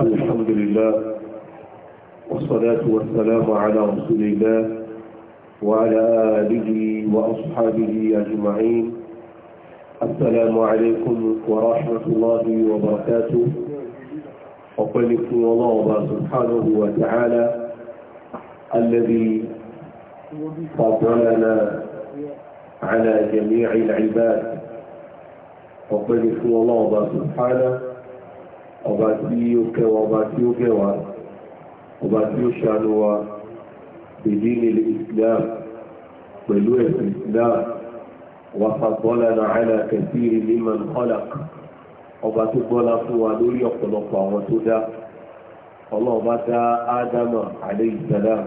الحمد لله والصلاة والسلام على رسول الله وعلى آله وأصحابه أجمعين السلام عليكم ورحمة الله وبركاته وقلكم الله سبحانه وتعالى الذي فضلنا على جميع العباد وقلكم الله سبحانه ọba tí ó kẹwa ọba tí ó gẹwa ọba tí ó ṣàánú wa bèdí nílé islam pẹ̀lú ẹ̀sìn islam wà fàgbọ́lá náà àìlà kẹsìrì liman khalaq ọba tó gbọ́lá fún wa lórí ọ̀pọ̀lọpọ̀ àwọn tó dá ọlọ́ọ̀bá dá ádámà alayhi salam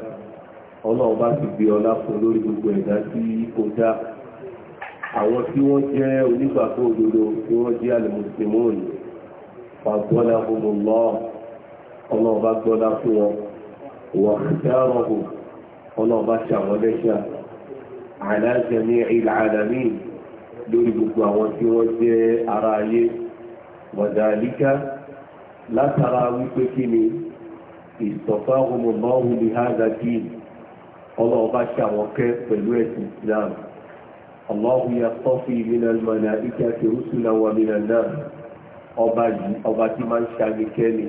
ọlọ́ọ̀bá ti gbé ọlá fún lórí gbogbo ẹ̀dá tí ó dá àwọn tí wọ́n jẹ́ onígbàgbọ́ òdodo tí wọ́n jẹ́ al-muslimun òní fàgbọ́lá gbogbo lọ ọlọ́ọ̀bá gbọ́lá fún wọn wọ́n fẹ́ràn hù ọlọ́ọ̀bá ṣàwọn lẹ́ṣà àdájẹ́ ní ìlànàmí lórí gbogbo àwọn tí wọ́n jẹ́ ara ayé wàdàlíkà látara wípé kí ni ìsọ̀fà ọmọọmọ ní hádàdì ọlọ́ọ̀bá ṣàwọn kẹ́ pẹ̀lú ẹ̀sìn Islam Allahu yaqtafi minal malaikati rusulan wa minan nas ọba yìí ọba tí máa ń ṣàgbékẹ́ ni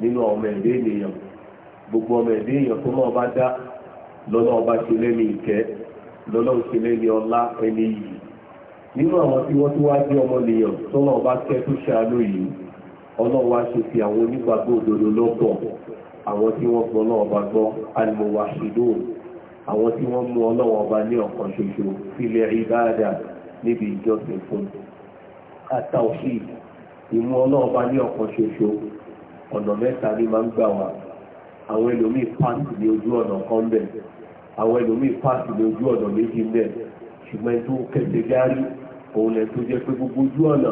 nínú ọmọ ẹ̀dẹ́ ènìyàn gbogbo ọmọ ẹ̀dẹ́ èèyàn tó náà bá dá lọ́nà ọba ṣe lẹ́ni ìkẹ́ lọ́nà ṣe lẹ́ni ọlá ẹni yìí nínú àwọn tí wọ́n tó wá jẹ́ ọmọ nìyàn tó náà bá kẹ́ tó ṣàánú yìí ọlọ́run wá ṣe fi àwọn onígbàgbọ́ òdodo lọ́pọ̀ àwọn tí wọ́n gbọ́ náà ọba gbọ́ al-muwahhidun àwọn tí wọ́n mú ọlọ́run ọba ní ọ̀kan ṣoṣo sílẹ̀ ìbáàdà níbi ìjọsìn fún at-tawhid ìmú ọlọ́ọ̀bá ní ọ̀kan ṣoṣo ọ̀nà mẹ́ta ní máa ń gbà wá àwọn ẹlòmíì páàkì ní ojú ọ̀nà kan bẹ̀ àwọn ẹlòmíì páàkì ní ojú ọ̀nà méjì bẹ̀ ṣùgbọ́n tó kẹsẹ̀ gárí òun lẹ̀ tó jẹ́ pé gbogbo ojú ọ̀nà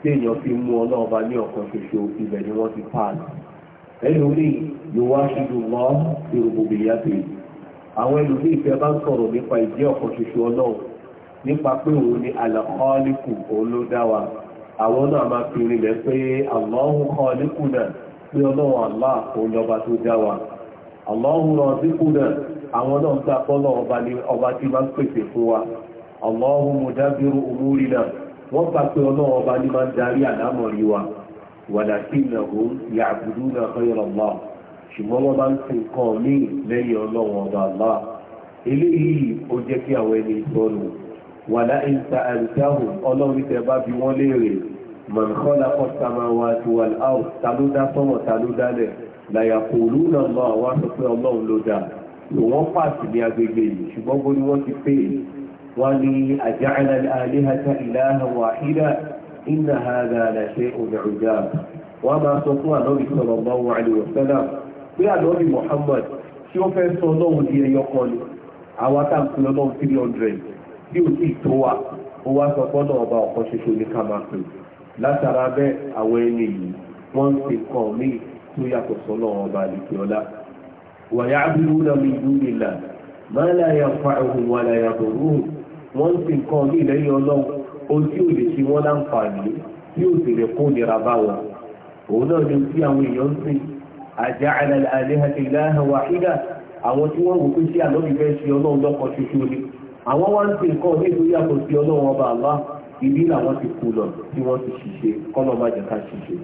tí èèyàn fi mú ọlọ́ọ̀bá ní ọ̀kan ṣoṣo ibẹ̀ ni wọ́n ti páàkì ẹlòmíì yóò wá ṣubú mọ́ ìrògbòmìyàtì àwọn ẹlòmíì fẹ́ bá ń sọ̀rọ̀ nípa ìdí ọ̀kan ṣoṣo ọlọ́run nípa pé òun ni àlàkọ́ọ́líkù òun ló dá wa àwọn náà máa fi rinlẹ̀ pé Allahu khaliquna pé ọlọ́run Allah òun wa Allahu raziquna àwọn náà gbà pọ́lọ̀ ọba ní tí ọlọ́run ọba wa walakinnahum ya'buduna Allah ṣùgbọ́n wọ́n bá ń sin nǹkan míì lẹ́yìn ọlọ́run ọba Allah ó jẹ́ kí àwọn ẹni wàlá ìta àìsáhùn ọlọ́run tẹ bá fi wọ́n léèrè mọ̀nkọ́lá kọ́ samáwá ti wà láwù ta ló dá sọ́mọ̀ ta ló dálẹ̀ làyà kò lù náà lọ àwọn aṣọ pé ọlọ́run ló dá ìwọ́n pààtì ní agbègbè yìí ṣùgbọ́n bó ni wọ́n ti pè é wọ́n ní àjáàlá àléhàtà ìlàhà wàhídà iná hàdà àlàṣẹ òdàrúdà wọ́n máa sọ fún ànábì sọ̀rọ̀ bá wọn àlèwọ̀sẹ́lá pé ànábì Muhammad tí ó fẹ́ sọ ọlọ́run di ẹyọ kan ni àwọn táǹkì lọ́lọ́run 300 tí ò sì tó wa ó wá sọ gbọ́dọ̀ ọba ọ̀kan ṣoṣo ní ká máa pè látara bẹ́ẹ̀ àwọn ẹni yìí wọ́n ń ṣe kàn mí tó yàtọ̀ sọ́nà ọba àlìkè ọlá wàyà abúlé náà mi dùn mí là máa láyà fa ohun wà láyà bòrúhùn wọ́n ń ṣe kàn mí lẹ́yìn ọlọ́run ohun tí ò lè ṣe wọ́n láǹfààní tí ò sì lè kó nira bá wọn òun náà ni tí àwọn èèyàn ń sìn àjà àlàlẹ́ àti ìlànà wàhídà àwọn tí wọ́n wò pé sí àlọ́ àwọn wá ń ṣe nǹkan nítorí yàtọ̀ sí ọlọ́run ọba àlá ibi làwọn ti kú lọ tí wọ́n ti ṣiṣe kọ́lọ̀ má jẹ́ ká ṣiṣe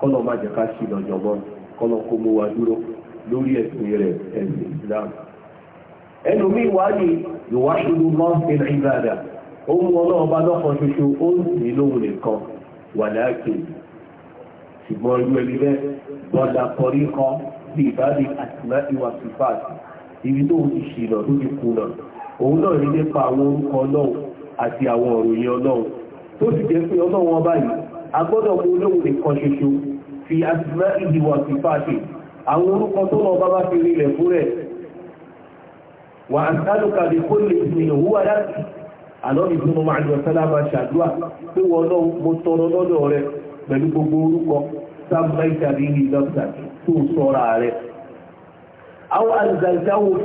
kọ́lọ̀ má jẹ́ ká ṣì lọ jọ̀bọ́ kọ́lọ̀ kó mú wa dúró lórí ẹ̀sìn rẹ̀ ẹ̀sìn Islam ẹlòmíì wá ní ìwáṣọlù mọ́sìn ìbàdà ohun ọlọ́run bá lọ́kan ṣoṣo ó ń sìn lóhun nìkan wà láàkè ṣùgbọ́n irú ẹni bẹ́ẹ̀ bọ́dà kọrí kan bí ìbáde àtìmáìwà sífàtì ibi tó ń ti ṣì lọ lójú kú náà òun náà ní nípa àwọn orúkọ ọlọ́run àti àwọn òròyìn ọlọ́run tó sì jẹ́ pé ọlọ́run ọba yìí a gbọ́dọ̀ mú olóhùn nìkan ṣoṣo fi asìmá ìdìwọ̀ sí fàṣẹ àwọn orúkọ tó lọ bá bá fi rí ilẹ̀ fún wà á sálùkà lè kó lè fi ìhùwà láti àlọ́bí fún àjọ sálábà ṣàdúrà pé wọ́n náà mo tọrọ lọ́dọ̀ pẹ̀lú gbogbo orúkọ sábà ní tó sọ́ra àwọn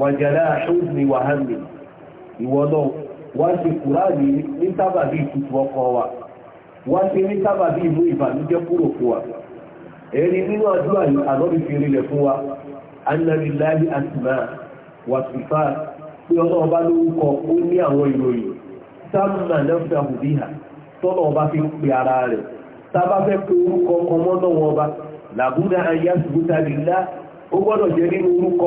wàjàlá ṣúzni wàhánì ìwọ̀nà wá ṣe kùránì ní sábàbí ìtùtù ọkọ wa wá ṣe ní sábàbí ìlú ìbànújẹ́ kúrò fún wa ẹni nínú àdúrà àlọ́bí fi rílẹ̀ fún wa annalillahi asma wa sifa pé ọlọ́run bá lórúkọ ó ní àwọn ìròyìn sáàmùnà lẹ́fúdà hùdíhà tọ́nà ọba fi ń pe ara rẹ̀ sábà fẹ́ pé orúkọ ọkọ̀ mọ́nà wọn ọba làbúdà ayé àsìkúta lílá ó gbọ́dọ̀ jẹ́ nínú orúkọ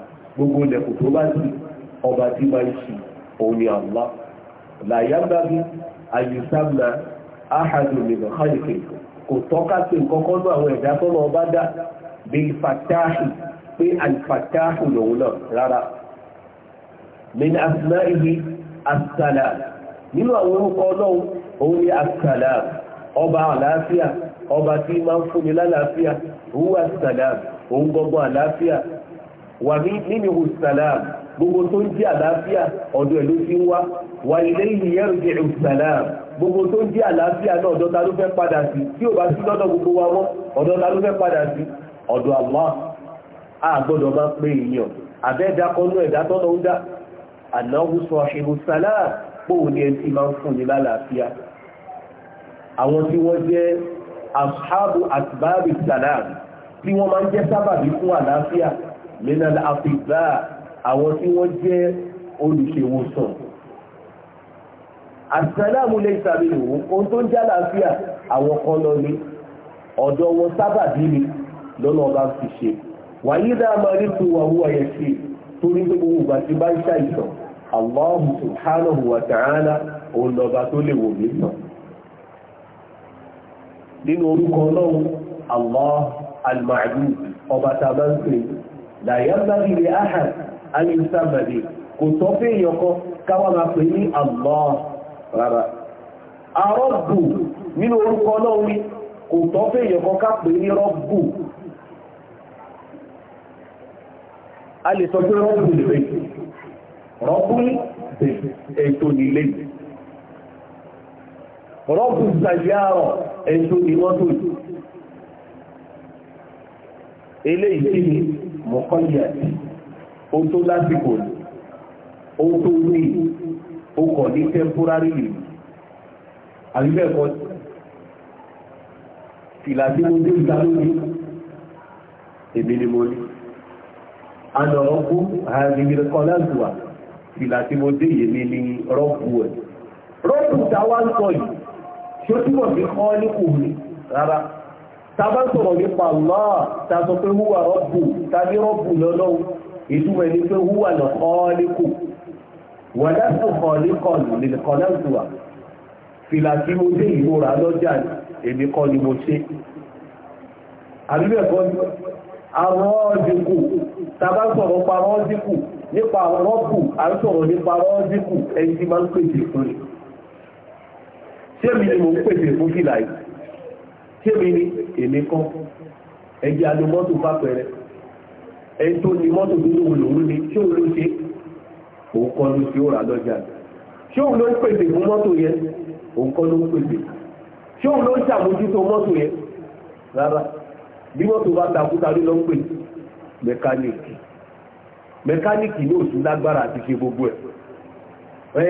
gbogbo ilẹ̀kùn tó bá ti ọba tí máa ń ṣe òun ni Allah làyàgbàgbé àyùsáàmà ahadun min khalqi kò tọ́ka sí kọ́kọ́ ní àwọn ẹ̀dá tó lọ bá dá bí fatahi pé alfatahu lòun náà rárá min asma'ihi as-salam nínú àwọn orúkọ ọlọ́run òun ni as ọba àlàáfíà ọba tí máa ń fúnni lálàáfíà huwa as òun gbogbo àlàáfíà wà ní nínú salam gbogbo tó ń jẹ́ àlàáfíà ọ̀dọ̀ ẹ̀ ló ti ń wá wà ilé ìyẹn jẹ́ salam gbogbo tó ń jẹ́ àlàáfíà náà ọ̀dọ̀ ta fẹ́ padà sí tí ò bá sí lọ́dọ̀ gbogbo wa mọ́ ọ̀dọ̀ ta fẹ́ padà sí ọ̀dọ̀ Allah àgbọ́dọ̀ máa pé èèyàn àbẹ́ẹ̀dá kọ́nú ẹ̀dá tọ́nà ń dá ànáwó sọ àṣírò sálàá ní lálàáfíà minal afiba àwọn tí wọ́n jẹ́ olùṣèwòsàn àsàlámù lè sàbílò ohun tó ń já láàfíà àwọn kan lọ ní ọ̀dọ̀ wọn sábàbí ni lọ́nà ọba fi ṣe wàyí dáa máa rí fún wa wúwa yẹn sí torí pé gbogbo ìgbà tí bá ń ṣàìsàn Allahu subhanahu wa ta'ala òun lọba tó lè wò mí sàn nínú orúkọ ọlọ́run Allah al-ma'bud ọba tá a bá ń pè é làyàbàgì lè áhà alìsàmàdì kò tọ́ fún èèyàn kan káwà máa pè ní Allah rárá arọ́bù nínú orúkọ náà wí kò tọ́ fún èèyàn kan ká pè ní rọ́bù a rọ́bù lè rọ́bù ètò nílé rọ́bù sàyàrọ̀ ètò eléyìí tí ni mọ̀kànlá tí ó tó lásìkò ní ó tó ní ó kọ̀ ní temporary leave àbíbẹ̀kọ́ fìlà tí mo dé ìta lónìí èmi ni mo ní àná ọkú àìrìnrìn kan láti wà fìlà tí mo dé ìyèmí ni rọ́pù ẹ̀ rọ́pù táwa ń sọ yìí ṣé ó túbọ̀ sí kọ́ ní kò ní rárá tàbá sọ̀rọ̀ nípa Allah tàbí pé húwà rọ́bù tàbí rọ́bù lọ́lọ́wọ́ ìtumọ̀ ní pé húwà lọ́kọ́ọ́lẹ́kù wà láti kọ̀ọ̀lẹ́kọ̀ọ̀lù lè kọ̀ọ̀lẹ́kùwà fìlà tí mo dé ìmúra lọ́jà èmi kọ́ ni mo nípa rọ́bù àrísọ̀rọ̀ nípa ọ́dínkù ẹni tí máa ń pèsè fún ni ṣé mi ni mo ń pèsè fún fìlà kémi ni èmi kọ́ ẹjẹ́ alo mọ́tò fàpẹ̀rẹ̀ ẹni tó ní mọ́tò tó lówó lòún ni tí òun ló ṣe òun kọ́ ló ṣe ó rà lọ́jà tí òun ló ń pèsè fún mọ́tò yẹn òun kọ́ ló ń pèsè tí òun ló ń ṣàmójútó mọ́tò yẹn rárá bí mọ́tò bá takúta ló lọ ń pè mẹkáníìkì mẹkáníìkì ní òsùn lágbára àti ṣe gbogbo ẹ̀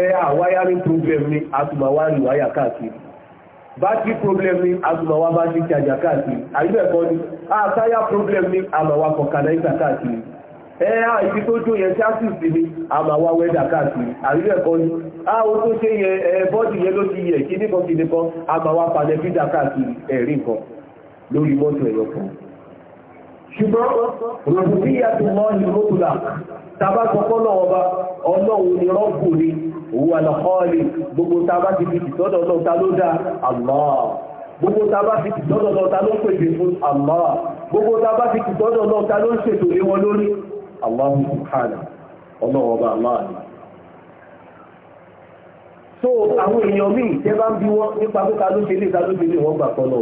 ẹ̀ àwáyárí problem ni a tún máa wá rí wáyà káàkiri battery problem ni agbọ̀nwá bá ti ṣàjà káàkiri àyíbẹ̀kọ́ ni àtàyà problem ni àmàwà kọ̀kànáìsà káàkiri ẹ̀yà ìfi tó jó yẹn ṣáàtìsì ni àmàwà wẹ́dà káàkiri àyíbẹ̀kọ́ ni àwọn tó ṣe yẹ bọ́dì yẹn ló ti yẹ kí níkan kí níkan àmàwà pàdé fídà káàkiri ṣùgbọ́n rògbòdìyà tó mọ́ ní rògbòdà tàbá kọ́kọ́ náà ọba ọlọ́run ni rọ́gbò ni òun àlọ́kọ́ọ̀lì gbogbo tàbá ti fi tìtọ́dọ̀ náà ta ló dá Allah gbogbo tàbá ti tìtọ́dọ̀ náà ta ló pèsè fún Allah gbogbo tàbá ti tìtọ́dọ̀ so àwọn èèyàn míì tẹ́ bá ń bí wọn nípa pé ta ló ṣe lé ta ló ṣe gbà kọ́ náà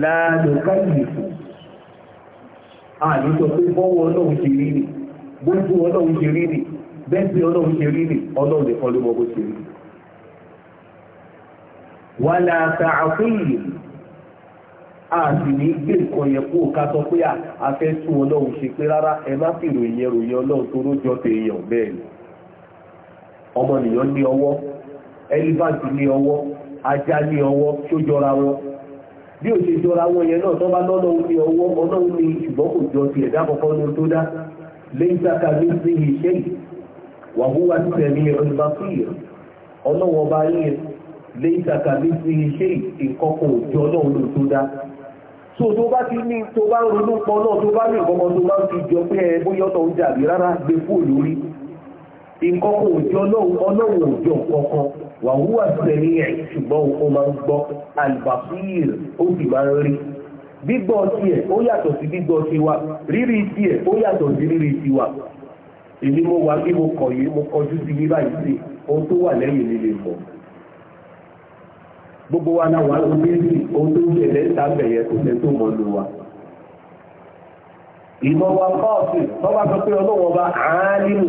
láàrín káyìlìfò àníṣọ́ pé bọ́wọ́ ọlọ́run ṣe rí nì gbójú ọlọ́run ṣe rí nì bẹ́ẹ̀sì ọlọ́run ṣe rí nì ọlọ́run nìkan ló mọ́ ṣe rí wà láàtà àfúnyìí àti ní gbé nǹkan yẹn kú ká sọ pé afẹ́ tún ọlọ́run ṣe pé rárá ẹ má fi ròyìn ròyìn ọlọ́run tó ló jọ tèèyàn bẹ́ẹ̀ ni ọmọnìyàn ní ọwọ́ bí ó ṣe jọra wọn yẹn náà tó bá lọ́nà omi ọwọ́ ọlọ́run ní ṣùgbọ́n kò jọ ti ẹ̀dá kọ̀ọ̀kan ló tó dá lẹ́yìn sáka ní sí iṣẹ́ yìí wà wọ́n wá títẹ̀ ní ọlọ́ba sí yẹn ọlọ́wọ́ bá yẹn lẹ́yìn sáka ní sí iṣẹ́ yìí nǹkan kò jọ ọlọ́run tó dá. so tó bá ti ní tó bá ń ronú pọ náà tó bá ní ìkọ̀kọ̀ tó bá ń jọ pé ẹ bóyá ọ̀tọ̀ ń jà ìkọ́kọ́ òjò ọlọ́run òjò kọ̀ọ̀kan wà wúwà tẹ̀lé ẹ̀ ṣùgbọ́n ó máa ń gbọ́ albafir ó sì máa ń rí gbígbọ́ tiẹ̀ ó yàtọ̀ sí gbígbọ́ tiwa rírí tiẹ̀ ó yàtọ̀ sí rírí tiwa èmi mo wà bí mo kọ̀ yìí mo kọjú sí yí báyìí sí ohun tó wà lẹ́yìn mi lè mọ̀ gbogbo wa náà wà ló méjì ohun tó ń ṣẹlẹ̀ ń ta bẹ̀yẹ kò sẹ́ tó mọ̀ lù wa ìmọ̀ wa kọ́ọ̀sì tọ́ bá sọ pé ọlọ́wọ́ bá àálìmù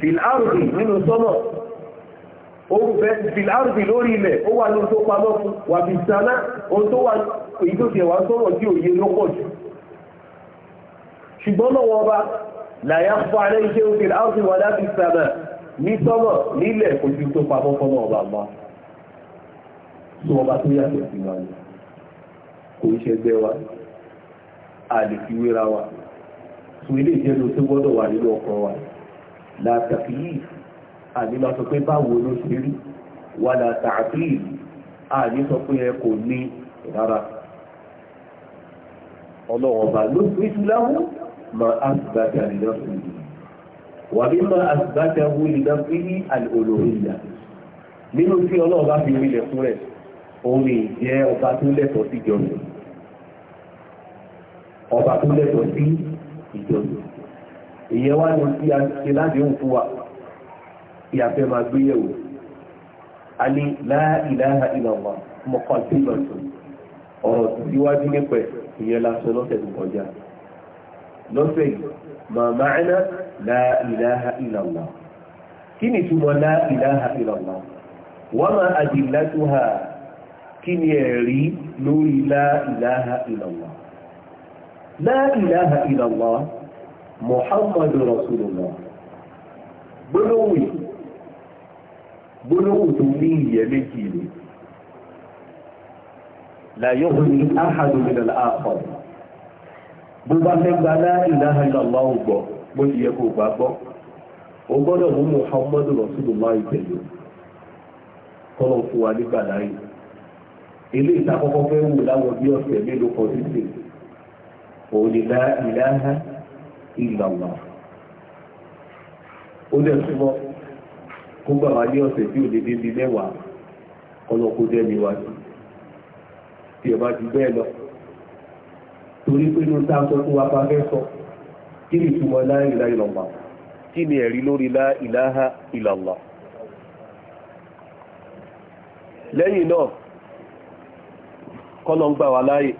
fìlárùbì nínú sọ́nà orúfẹ́ fìlárùbì lórí ilẹ̀ ó wà ní tó pamọ́ wà fi sáná ohun tó wà èyí tó tẹ̀wà sọ́nà tí òye ló pọ̀ jù ṣùgbọ́n náà iṣẹ́ nílẹ̀ ọba tó ọba tó yàtọ̀ sí wa kò ń wa a wa tó ilé tó gbọ́dọ̀ wà nínú wa látàkì yìí àníbà sọ pé báwo ló ṣe rí wà látàkì yìí àní sọ pé ẹ kò ní rárá ọlọ́wọ̀n bá ló fi túláwó ma asibata lẹ́fún yìí wà bí ma asibata wú lẹ́fún yìí alòlòrìyà nínú tí ọlọ́wọ̀n bá fi rí lẹ́fún rẹ̀ òun ni ọba tó lẹ́tọ̀ọ́ sí ìjọsìn ìyẹn wá ní tí a ṣe láti ń fún wa ìyàfẹ́ máa gbé yẹ̀wò a ní la ilaha illallah muqaddimatun ọ̀rọ̀ síwájú nípa ìyẹn la sọ lọ́sẹ̀ tó kọjá lọ́sẹ̀ yìí ma ma'na la ilaha illallah kí ni túmọ̀ la ilaha illallah wa muhammadu rasulullah gbólóhùn gbólóhùn tó ní ìyẹ́ méjì ni láyọ́hùn ní áhàdùn ìrìnà àpọ̀ bó bá fẹ́ gba la ilaha illallah gbọ́ muhammadu ìlànà ó dẹ̀ súnmọ́ kó gbà wá ní ọ̀sẹ̀ tí ò lè dé bí mẹ́wàá ọlọ́kó dẹ́ ní wájú tí ẹ̀ bá ti bẹ́ẹ̀ lọ torí pé ló tá a sọ fún wa bá fẹ́ sọ kí ni ìtumọ̀ la ilaha illallah kí ni ẹ̀rí lórí la ilaha illallah lẹ́yìn náà kọ́lọ̀ ń gbà wá láàyè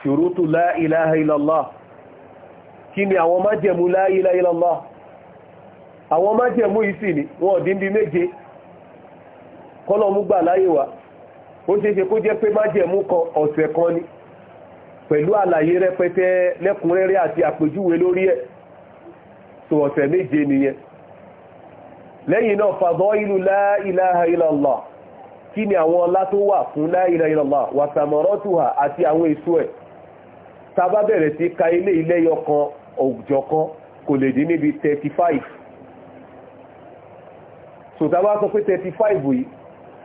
ṣùrútù la ilaha illallah kí ni àwọn májẹ̀mú la ilaha illallah àwọn májẹ̀mú ìsì ni wọ́n dín bí méje kọ́lọ̀mú gbà láyé wa ó ṣe ṣe kó jẹ́ pé kan ọ̀sẹ̀ kan ni pẹ̀lú àlàyé rẹpẹtẹ lẹ́kùnrẹ́rẹ́ àti àpèjúwe lórí ẹ̀ tó ọ̀sẹ̀ méje nìyẹn lẹ́yìn náà fadailu la ilaha illallah kí ọjọ́ kan kò lè dín níbi 35 so tá bá sọ pé 35 yìí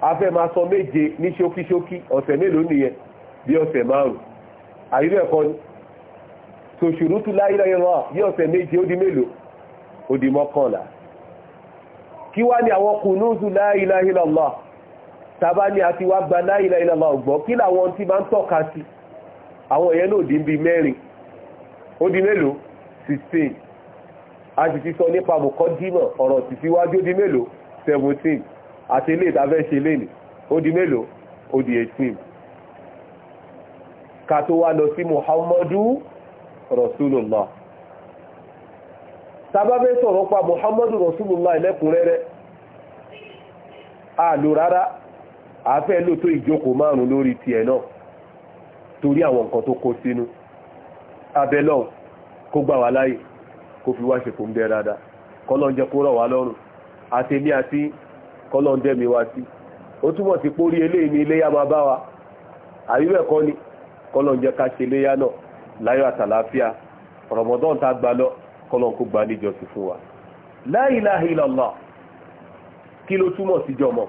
a fẹ́ máa sọ méje ní ṣókíṣókí ọ̀sẹ̀ mélòó nìyẹn bí ọ̀sẹ̀ márùn àyílò ẹ̀kọ́ ni so ṣùrùtù láyílọ ìran bí ọ̀sẹ̀ méje ó di mélòó ó di mọ́kànlá kí wá ní àwọn kùnúùsù láyílọ ìlọ́lọ́ tàbá ni àti wá gba láyílọ ìlọ́lọ́ ọ̀gbọ́n kí làwọn tí máa ń tọ́ka sí àwọn èèyàn náà di ó di mélòó 16 a ti sọ nípa mọ̀kọ́dímọ̀ ọ̀rọ̀ ti síwájú ó di mélòó 17 àti ilé ṣe lénìí ó di mélòó ó di 18 ká tó wá lọ sí muhammadu rasulullah sábábẹ́ sọ̀rọ̀ pa muhammadu rasulullah lẹ́kùnrẹ́rẹ́ àlò rárá àfẹ́ ló tó ìjókòó márùn lórí tiẹ̀ náà torí àwọn nǹkan tó kó kó gbà wá láyè kó fi wá ṣe kò ń gẹ dáadáa kọ́lọ́n jẹ́ kó rọ̀ wá lọ́rùn àti èmi àti kọ́lọ́n dẹ́mi wá sí ó túmọ̀ sí pórí eléyìí ní iléyà máa bá wa àríwẹ̀ kọ́ ni kọ́lọ́n jẹ́ ká ṣe iléyà náà láyọ̀ àtàlàáfíà rọ̀mọ́dọ́n tá gbà lọ kọ́lọ́n kó gbà níjọsìn fún wa la ilaha illallah kí ló túmọ̀ sí jọmọ́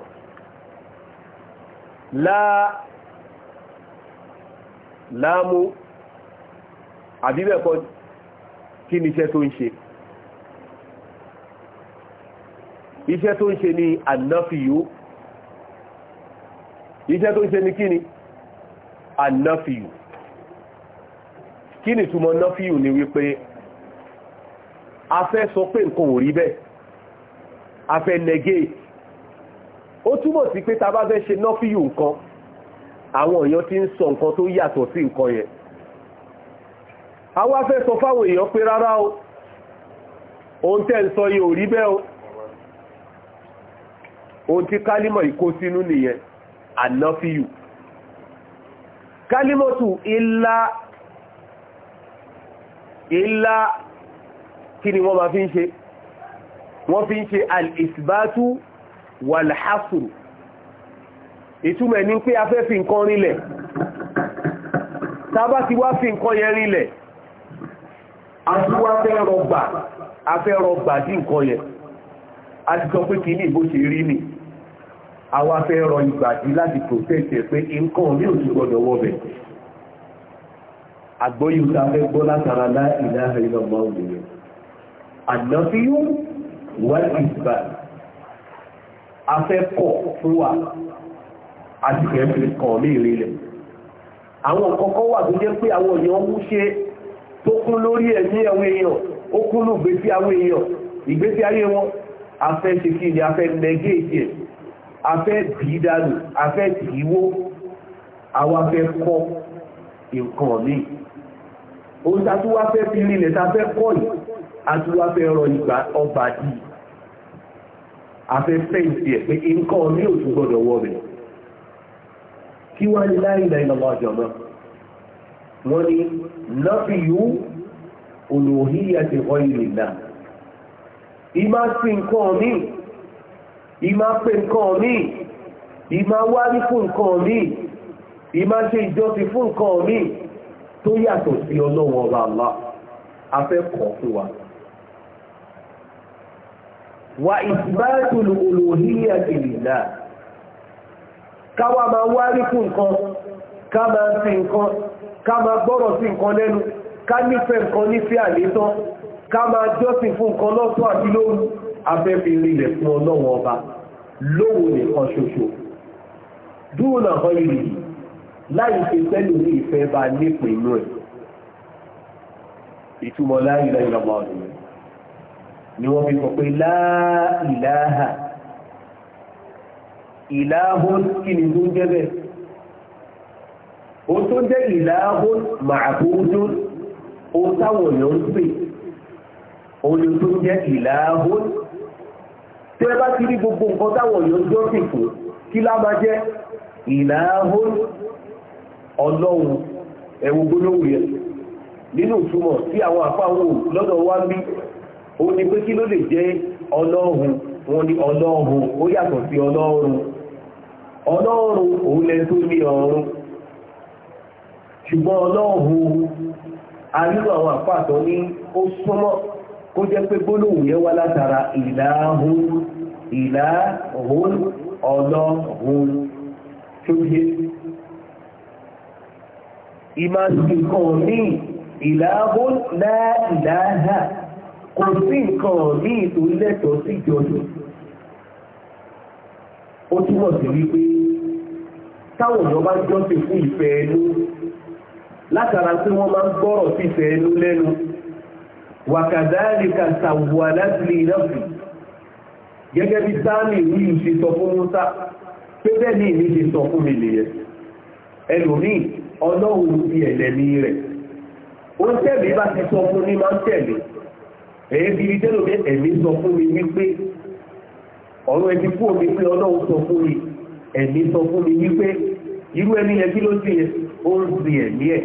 láà láàmú àbíbẹ̀kọ́ kí ni iṣẹ́ tó ń ṣe iṣẹ́ tó ń ṣe ni ànáfíyó iṣẹ́ tó ń ṣe ni kí ni ànáfíyó kí ni túmọ̀ náfíyó ni wípé a fẹ́ sọ pé nǹkan ò rí bẹ́ẹ̀ a fẹ́ negate ó túmọ̀ sí pé ta bá fẹ́ ṣe náfíyó nǹkan àwọn èèyàn ti ń sọ nǹkan tó yàtọ̀ sí nǹkan yẹn àwa fẹ́ sọ fáwọn èèyàn pé rárá o ohun tẹ́ ń sọ yìí ò rí bẹ́ẹ̀ o ohun tí kálímọ̀ ìkó sínú nìyẹn ànáfíyù kálímọ̀tù ilá ilá kí ni wọ́n ma fi ń ṣe wọ́n fi ń ṣe al-isbatu wal-hasru ìtumọ̀ ní pé a fẹ́ fi nǹkan rinlẹ̀ tá bá ti wá fi nǹkan yẹn rinlẹ̀ àtúwá fẹ́ rọgbà afẹ́ rọgbà sí nǹkan yẹ a ti sọ pé kí ní ìbò ṣe rí nì àwọn afẹ́ rọ ìgbà sí láti protect pé nǹkan ní òsì gbọdọ̀ wọ́bẹ̀ àgbóyù ta fẹ́ gbọ́ látara láìláà ìlọ́mọ òmìnir wa àti ẹ̀fẹ́ kan ní ìrìnlẹ̀ àwọn kọ̀kọ́ wà tó jẹ́ pé àwọn èèyàn mú tó kún lórí ẹ̀mí àwọn èèyàn ó kún lù gbèsè àwọn èèyàn ìgbésí ayé wọn afẹ́ ṣe kí ni afẹ́ nẹgẹ́ẹ̀tì ẹ̀ afẹ́ bìí dànù afẹ́ bìí wó àwọn afẹ́ kọ́ nǹkan mi ohun tá tó wá fẹ́ fi rílẹ̀ tá fẹ́ kọ́ yìí a tó wá fẹ́ rọ ìgbà ọba dì afẹ́ fẹ́ǹsì ẹ̀ pé nǹkan mi ò tún gbọ́dọ̀ wọ́ bẹ̀ kí wá ní láìláìlọ́wọ́ àjọ̀mọ́ wọ́n ní nọ́fìyú olùhíyà ti họ ìrìnà ìmá sí nǹkan mí ìmá pè nǹkan mí ìmá wárí fún nǹkan mí ìmá ṣe ìjọsìn fún nǹkan mí tó yàtọ̀ sí ọlọ́wọ́ ọba àlá afẹ́kọ̀ọ́ fún wa wa ìsìbáàtù olùhíyà ti rìnà káwa máa wárí fún nǹkan ká máa sí nǹkan ká máa gbọ́rọ̀ sí nǹkan lẹ́nu ká nífẹ̀ẹ́ nǹkan nífẹ̀ẹ́ àlétán ká máa jọ́sìn fún nǹkan lọ́sọ́ àti lóru abẹ́bí rílẹ̀ fún ọlọ́wọ́ ọba lóhun nìkan ṣoṣo dúró náà hàn ìrì yìí láì ṣe pẹ́lú ní ìfẹ́ bá nípe inú ẹ̀ ìtumọ̀ láìlá ìlàmà ọ̀dùn ni wọ́n fi sọ ó tó jẹ́ ìlàáhùn màbúdún ó táwọn èèyàn ń pè ó ní tó jẹ́ ìlàáhùn tí ẹ bá ti rí gbogbo nǹkan táwọn èèyàn jọ́ sì fún kí lá máa jẹ́ ìlàáhùn ọlọ́run ẹ̀wù gbólóhùn yẹn nínú ìtumọ̀ tí àwọn àpáwò lọ́dọ̀ wá bí ó ní pé kí ló lè jẹ́ ọlọ́run wọn ni ọlọ́run ó yàtọ̀ sí ọlọ́run ọlọ́run òun lẹ tó ní ọ̀run ṣùgbọ́n ọlọ́run àríwá àwọn àpáàtọ̀ ní ó súnmọ́ kó jẹ́ pé gbólóhùn yẹn wá látara ìlàhùn ìlàhùn ọlọ́hùn tó yé ìmáṣe kan ní ìlàhùn láìláhà kò sí nǹkan ní ìtòlẹ́tọ̀ sí ìjọdún ó túmọ̀ sí wípé táwọn èèyàn bá jọ́sìn fún ìfẹ́ ẹnu látara pé wọ́n máa ń gbọ́rọ̀ fífẹ́ ẹnu lẹ́nu wàkàdáàlìkà sàwùwà láti lè rọ́pì gẹ́gẹ́ bí sáàmì yìí ṣe sọ fún Mùsá pé bẹ́ẹ̀ ní ìní ṣe sọ fún mi nìyẹn ẹlòmíì ọlọ́run ti ẹ̀lẹ́mí rẹ̀ ó ń tẹ̀lé bá ti sọ fún ní máa ń tẹ̀lé èébí ibi tẹ́lò pé ẹ̀mí sọ fún irú ẹni yẹn ló ti yẹ ó ń sin ẹ̀mí ẹ̀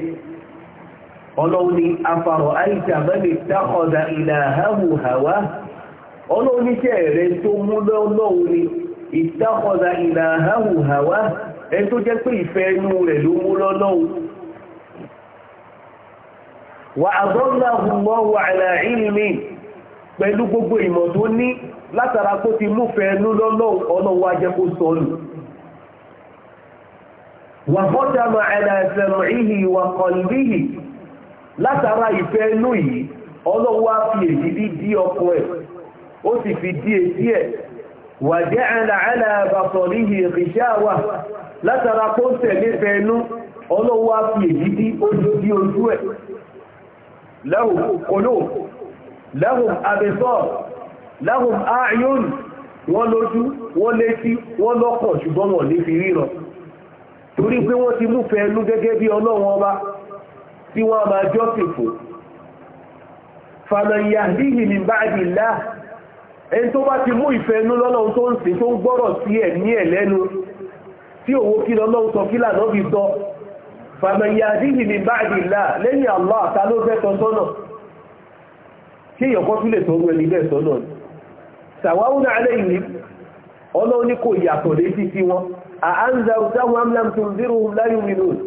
ọlọ́run ni afàrọ̀ àìsàmẹ́lì tákọ̀dà ìlàháwù hàwá ọlọ́run níṣẹ́ rẹ̀ tó mú lọ́lọ́run ni ìtàkọ̀dà ìlàháwù hàwá ẹ tó jẹ́ pé ìfẹ́ inú rẹ̀ ló mú lọ́lọ́run wà pẹ̀lú gbogbo ìmọ̀ wà látara ìfẹ́ inú yìí ọlọ́run wá fi èyí bí dí ọkọ ẹ̀ ó sì fi dí etí ẹ̀ wa ja'ala ala basarihi ghishawa látara kó ń tẹ̀lé fẹ́ inú ọlọ́run wá fi èyí bí ojú bí ojú ẹ̀ lahum qulub lahum absar lahum a'yun wọ́n lójú wọ́n létí wọ́n lọ́kọ̀ ṣùgbọ́n wọ́n ní fi ríran torí pé wọ́n ti mú fẹ́ inú gẹ́gẹ́ bí ọlọ́run ọba tí wọ́n máa jọ́sìn fún fàmàn yàdíhì min ba'di Allah ẹni tó bá ti mú ìfẹ́ inú lọ́lọ́run tó ń sìn tó ń gbọ́rọ̀ sí ẹ̀ ní ẹ̀ lẹ́nu tí òwò kí lọ́lọ́run sọ kí lànà fi sọ fàmàn yàdíhì min ba'di Allah lẹ́yìn Allah ta ló fẹ́ tọ́ sọ́nà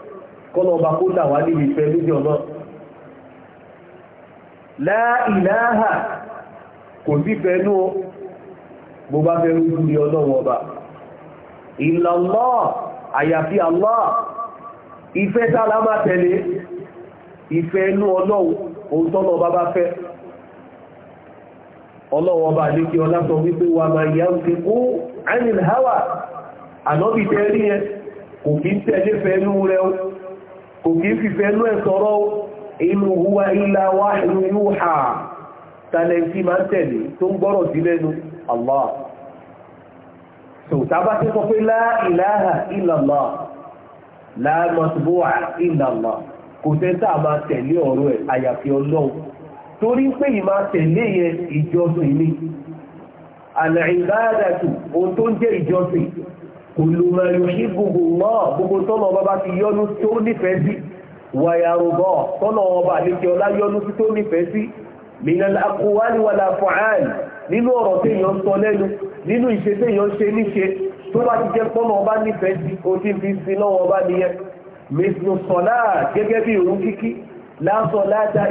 kọ́nà ọba kó tà wá níbi ìfẹ́ lójú ọ̀nà láìláhà kò sí fẹ́nú bó bá fẹ́ rújú ní ọlọ́run ọba ìlànlọ́ àyàfi Allah ìfẹ́ tààlà máa tẹ̀lé ìfẹ́ inú ọlọ́run ohun tọ́lọ ọba bá fẹ́ ọlọ́run ọba àdékí ọlá sọ kò kí fi fẹ́lú ẹ̀ inú huwa illa wahyu yuha tàlẹ́ntì ń tó ń gbọ́rọ̀ sí lẹ́nu Allah so tábà ti pé ilaha illa Allah kò sẹ́ńtà ma tẹ̀lé ọ̀rọ̀ ẹ̀ àyàfi torí pé tẹ̀lé ìjọsìn ohun tó ń kùlùmọ̀ yòókì gbogbo mọ́ gbogbo tọ́nà ọba bá ti yọ́nú tó nífẹ̀ẹ́ sí wàyàrùbọ̀ tọ́nà ọba àlejò ọlá yọ́nú sí tó nífẹ̀ẹ́ sí mìíràn akọwàlíwàlà fọ̀hán nínú ọ̀rọ̀ téèyàn sọ lẹ́nu nínú ìṣe téèyàn ṣe níṣe tó bá ti jẹ́ tọ́nà ọba nífẹ̀ẹ́ sí o ti fi sin náà ọba nìyẹn mìíràn sọ̀lá gẹ́gẹ́ bí òun kíkí láàsọ̀ láta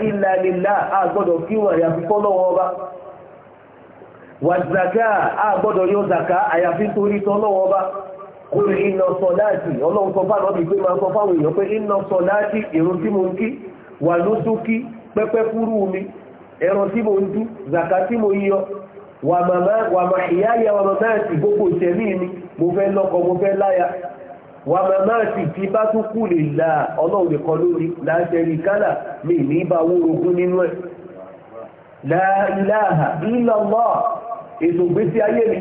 kúrò iná sọláàtì ọlọ́run sọ fáwọn ọ̀bí pé máa sọ fáwọn èèyàn pé iná sọláàtì ìrun tí mo ń kí wà lóṣùkí pẹ́pẹ́ fúrú mi ẹran tí mo ń dú zàkà tí mo yọ wà màmá ìyáyà wà màmá àti gbogbo ìṣẹ̀lí mi mo fẹ́ lọ́kọ mo fẹ́ láya wà màmá àti tí bá tún kú lè la ọlọ́run nìkan lórí láṣẹ rí kálà mi ní bá wó nínú ẹ̀ láìláha ìlọ́mọ́ ètò ìgbésí ayé mi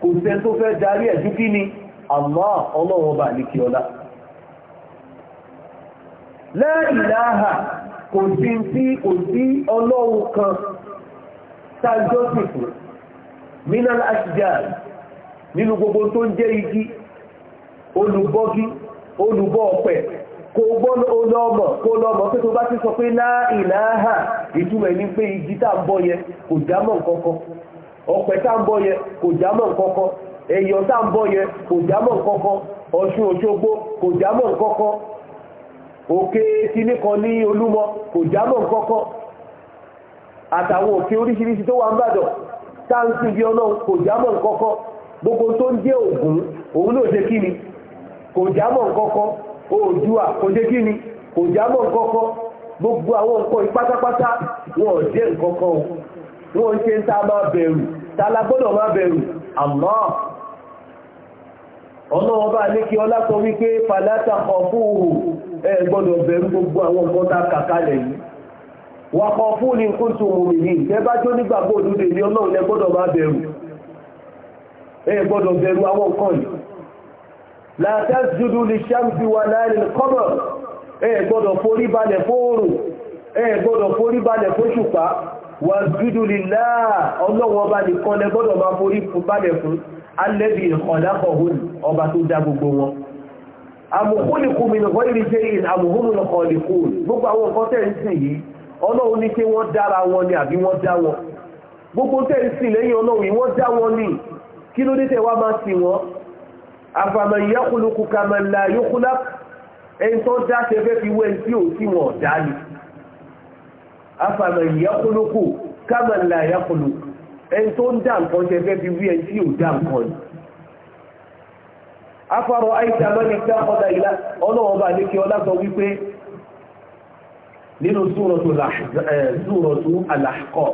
kò sẹ́ tó fẹ́ darí ẹ̀ dúkí ni Allah ọlọ́run ọba àlekè ọlá la kò sí tí kò sí ọlọ́run kan sájọ́sìkò minal nínú gbogbo tó ń jẹ́ igi olùbọ́gí olùbọ́ ọ̀pẹ kò gbọ́nà pé tó bá ti sọ pé ní pé igi tá ń bọ́ yẹ kò jámọ̀ èèyàn tá ń bọ́ yẹn kò jámọ̀ kankan ọ̀ṣun òṣogbo kò jámọ̀ kankan òkè kínní kan ní olúmọ kò jámọ̀ kankan àtàwọn òkè oríṣiríṣi tó wà ń bàdàn tá ń sìn bí ọlọ́run kò jámọ̀ kankan gbogbo tó ń jẹ́ ògùn òun ló ṣe kí ni kò jámọ̀ kankan oòdùà kò ṣe kí ni kò jámọ̀ kankan gbogbo àwọn nǹkan ìpátápátá wọn ò jẹ́ nǹkan kan wọn ń ṣe ń tá a máa bẹ̀rù tá a la máa bẹ̀rù Allah ọlọ́wọ́ bá ní kí ọlá sọ wípé fàlátà kọ fún òhù ẹ gbọ́dọ̀ bẹ̀rù gbogbo àwọn nǹkan tá kàkálẹ̀ yìí wà kọ ni ní nǹkan tó mú mi yìí ẹ bá tó nígbàgbọ́ òdúdè ní ọlọ́run ẹ gbọ́dọ̀ má bẹ̀rù ẹ gbọ́dọ̀ bẹ̀rù àwọn nǹkan yìí làtà dúdú lè ṣáàmì wà láàrin kọ́mọ̀ ẹ gbọ́dọ̀ forí balẹ̀ fóòrùn ẹ gbọ́dọ̀ alẹ́bí ìkọ̀lákọ̀hún ọba tó dá gbogbo wọn àmùkúnìkú mi nìkan ìrì jẹ́ ìrìn àmùhúnìkọ̀ọ̀lìkú gbogbo àwọn nǹkan tẹ́ ń sìn yìí ọlọ́run ní pé wọ́n dára wọn ni àbí wọ́n dá wọn gbogbo tẹ́ ń sìn lẹ́yìn ọlọ́run yìí wọ́n dá wọn ni kí ló dé tẹ́ wá máa sìn wọn àfàmà ìyákùlùkù kàmàlà yókùlá ẹni tó dá ṣe fẹ́ fi wẹ́ tí ò sí wọn ọ̀dá ni àfàmà ìyákùlùkù kàmàlà yákùlùkù ẹni tó ń dá nǹkan jẹ fẹ́ fi wí ẹni tí ò dá nǹkan ni afárọ̀ àìsàn lọ́nà ìgbà ọ̀dà ìlà ọlọ́wọ́ bá ní kí ọlá sọ wípé nínú súrọ̀tù àlàkọ́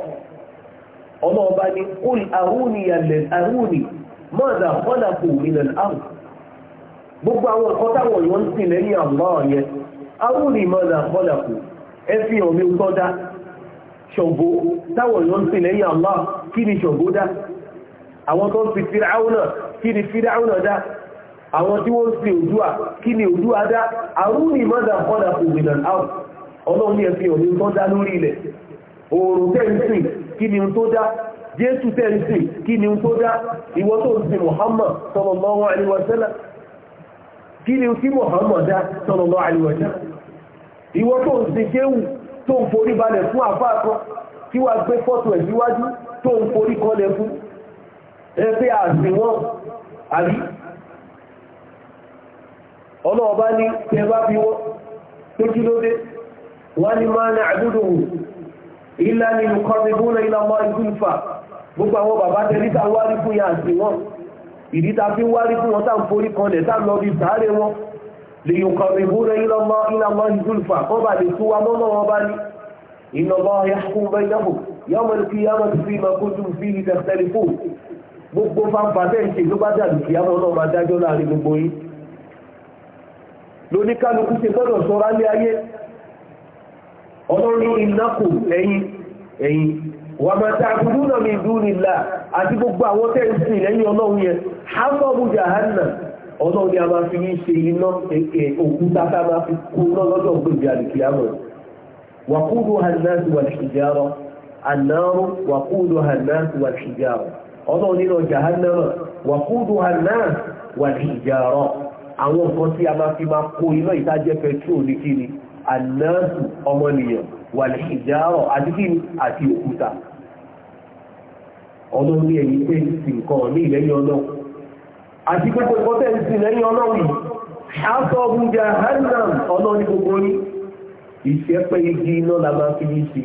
ọlọ́wọ́ bá ní kúl àrúnì yàlẹ̀ àrúnì mọ́ọ̀dà kọ́dàkù ìlẹ̀ àrùn gbogbo àwọn ọ̀kọ́ ṣọ̀gbó táwọn èèyàn ń pè lẹ́yìn Allah kí ni ṣọ̀gbó dá àwọn tó ń fi fìràúnà kí ni fìràúnà dá àwọn tí wọ́n ń fi òdúà kí ni òdúà dá àrúnì mọ́dà kọ́dà òmìnàn áwọ̀ ọlọ́run ní ẹ̀fí òní tó dá lórí ilẹ̀ oòrùn tẹ́ǹsìn kí ni tó dá jésù tẹ́ǹsìn kí ni tó dá ìwọ tó ń sin Muhammad sallallahu alaihi tó ń sin jéhù tó ń forí balẹ̀ fún àfáà kan kí wá gbé fọ́tò ẹ̀ síwájú tó ń forí kọlẹ̀ fún ẹgbẹ́ àsìn wọn àrí ọlọ́ọ̀bá ní tẹ́bá bí wọ́n tó kí ló dé wá ní máa ní àdúdòwò ilá ní ìkọ́rìbúnà ilá mọ́ ìgbìfà gbogbo àwọn bàbá tẹ́lítà wárí fún yà àsìn wọn ìdítà fi wárí fún wọn tá ń forí kọlẹ̀ ليقربونا إلى الله إلى الله زلفى طبعا لسوى ماما وباني إن الله يحكم بينهم يوم القيامة فيما كنتم فيه تختلفون gbogbo fanfàtẹ́ ìṣe ló bá dàbí kí dájọ́ láàrin gbogbo yìí lóníkálukú ṣe gbọ́dọ̀ sọ́ra lé ayé ọlọ́run ìnákù ẹ̀yìn ẹ̀yìn wà máa ta mi àti gbogbo àwọn tẹ́ ọlọ́run ni a máa fi ní ṣe iná òkúta tá a máa fi kú iná lọ́dọ̀ gbèbí àdìkìyàmọ̀ wàkúrò hànàtì wà ṣìjárọ̀ ànáàrù wàkúrò hànàtì wà ṣìjárọ̀ ọlọ́run nínú jahannama wàkúrò hànàtì wà ṣìjárọ̀ àwọn nǹkan tí a máa fi máa kó iná àti gbogbo ìkọ́tẹ̀ ìsì lẹ́yìn ọlọ́run yìí aṣọ oúnjẹ hannam ọlọ́run gbogbo ní ìṣẹ́pẹ́ igi iná la máa fi yí sí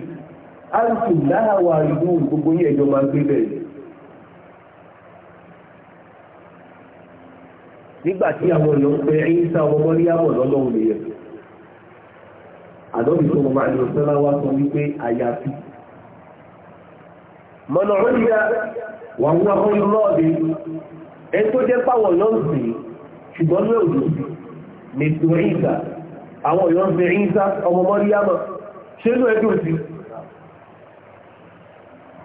áìsù láàwà ìlú gbogbo yìí ẹ̀jọ́ máa gbé bẹ̀rẹ̀ nígbà tí àwọn èèyàn pẹ ẹ̀yìnsá ọmọ mọ́ríyàmọ̀ lọ́lọ́run nìyẹn àdọ́bì tó máa lọ sọ́lá wá sọ wípé àyàfi mọ̀nà ọ̀rọ̀ yìí wà wọ́n ọ̀rọ̀ lọ́ọ̀dẹ́ ẹni tó jẹ́ pàwọ̀ yọ́nsì ṣùgbọ́n ní òjò mẹ́tò ìzà àwọn yọ́nsì ìzà ọmọ mọ́ríyámọ̀ ṣe ní ẹjọ́ sí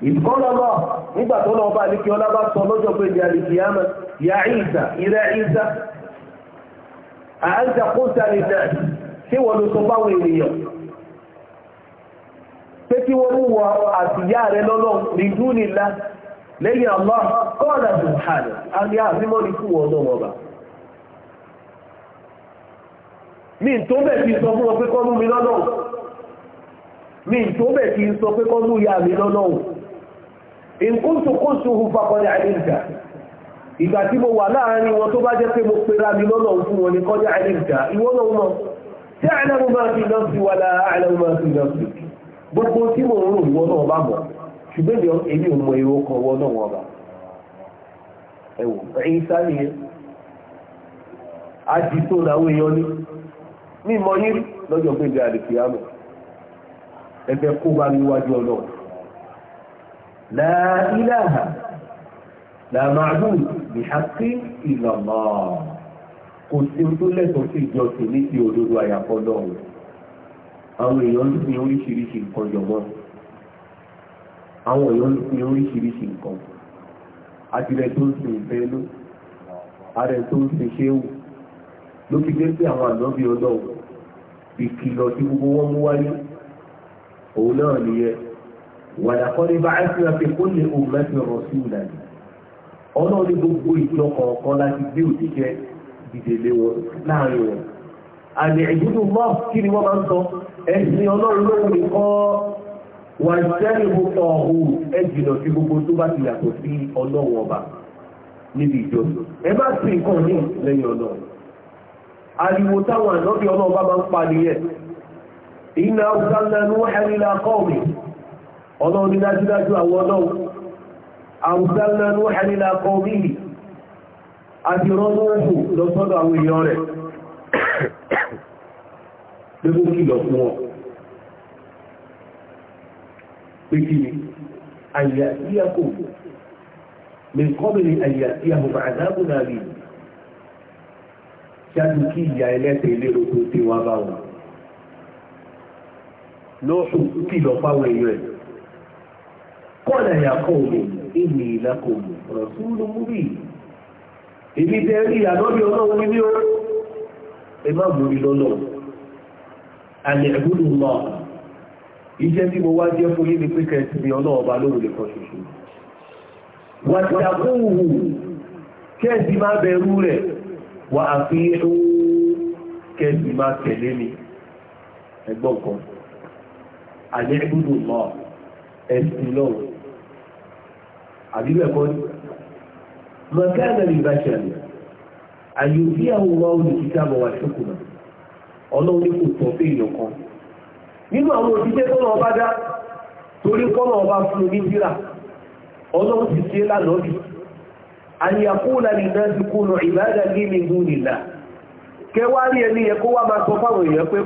ìkọ́lọ́lọ́ nígbà tó lọ́ọ́ bá alikí ọlá bá sọ lọ́jọ́ pé di alikiyama ya ìzà ìrẹ́ ìzà àájà kó sáré náà ṣé wọ́n ló sọ fáwọn ènìyàn pé kí wọ́n mú wọ àtìyá rẹ lọ́lọ́ lẹ́yìn Allah kọ́ọ̀dà subhanahu a ní àbímọ́ fún wọn náà mi tó bẹ̀ kí sọ fún wọn pé kọ́ mú mi lọ́nà mi tó bẹ̀ kí sọ pé kọ́ mú mi lọ́nà tí mo wà láàárín wọn tó bá jẹ́ pé mo pera mi lọ́nà fún wọn ní ìwọ́n náà mọ̀ tí máa fi wà láàárín máa fi gbogbo tí ṣùgbọ́n èmi ò mọ èrò kan wọ́n náà wọ́n bá ẹ̀wọ̀ ẹ̀yìn sáré yẹn àdìsó làwọn èèyàn ní mímọ yín lọ́jọ́ pé bí àdìsí àmọ̀ ẹgbẹ́ kó bá mi kò sí tó lẹ́tọ̀ọ́ sí ìjọsìn ní ti òdodo àwọn èèyàn ní oríṣiríṣi àwọn èèyàn ń sin oríṣiríṣi nǹkan àtìrẹ tó ń sin ìfẹ́lú ààrẹ tó ń sin ṣéwù ló fi dé pé àwọn ànábì ìkìlọ̀ tí gbogbo wọn mú wáyé òun náà nìyẹn wàdàkọ́ni bá ẹ́sìn àti kólé òun láti ọ̀rọ̀ sí ìlànà gbogbo ìjọ kọ̀ọ̀kan láti gbé òṣìṣẹ́ dìde lé wọn láàrin wọn ìdúdú mọ́ kí ni wọ́n máa ń sọ ẹ̀sìn wà ìjẹ́rì gbogbo ọ̀hún ẹ̀jìnà sí gbogbo tó bá ti yàtọ̀ sí ọlọ́wọ́ ọba níbi ìjọ ẹ bá sì nǹkan ní lẹ́yìn ọ̀nà ariwo táwọn ànábì ọlọ́ọba máa ń pa nìyẹn iná ọ̀sánlẹ́nu ẹ̀rìnlá kọ́ọ̀mì àwọn pé kí ni àyà sí àkó mẹ́kọ́bìnrin àyà sí àhùmà àdáàbò náà rí ṣáájú kí ìyá ẹlẹ́sẹ̀ ìlérò tó ti wá bá wọn lóṣù kìlọ̀ fáwọn èèyàn ẹ̀ kọ́nà ìyàkọ́ òmìn ìní ìlàkọ̀ òmìn rọ̀súlù múbì èmi tẹ́ rí ànọ́bí ọlọ́run ní ní ó ẹ má múrí lọ́lọ́ àlẹ́ ẹ̀gbọ́n lọ́ọ̀ iṣẹ́ tí mo wá jẹ́ fún yín ni pé kẹsìmí ọlọ́ọ̀bá lóru lè kọ́ ṣoṣo wàtàkùnwù kẹsì máa bẹ̀rù rẹ̀ wà á fi ó kẹsì máa tẹ̀lé mi ẹgbọ́n kan àjẹ́ gbúdù lọ ẹ̀sìn lọ́wọ́ ni mọ̀kánà lè bá ṣẹlẹ̀ àyòbí àwọn ọmọ olùkíkà mọ̀ wà ṣókùnà ọlọ́run ní kò tọ́ fún èèyàn nínú àwọn òṣìṣẹ́ tó lọ bá dá torí kọ́nà ọba fún omi jíra ọlọ́run ti ṣe lánàábì àyàkúnlá nìdá ti kúnà ìbádà lé nìlá kẹwàá ẹni yẹ wá máa sọ fáwọn èèyàn pé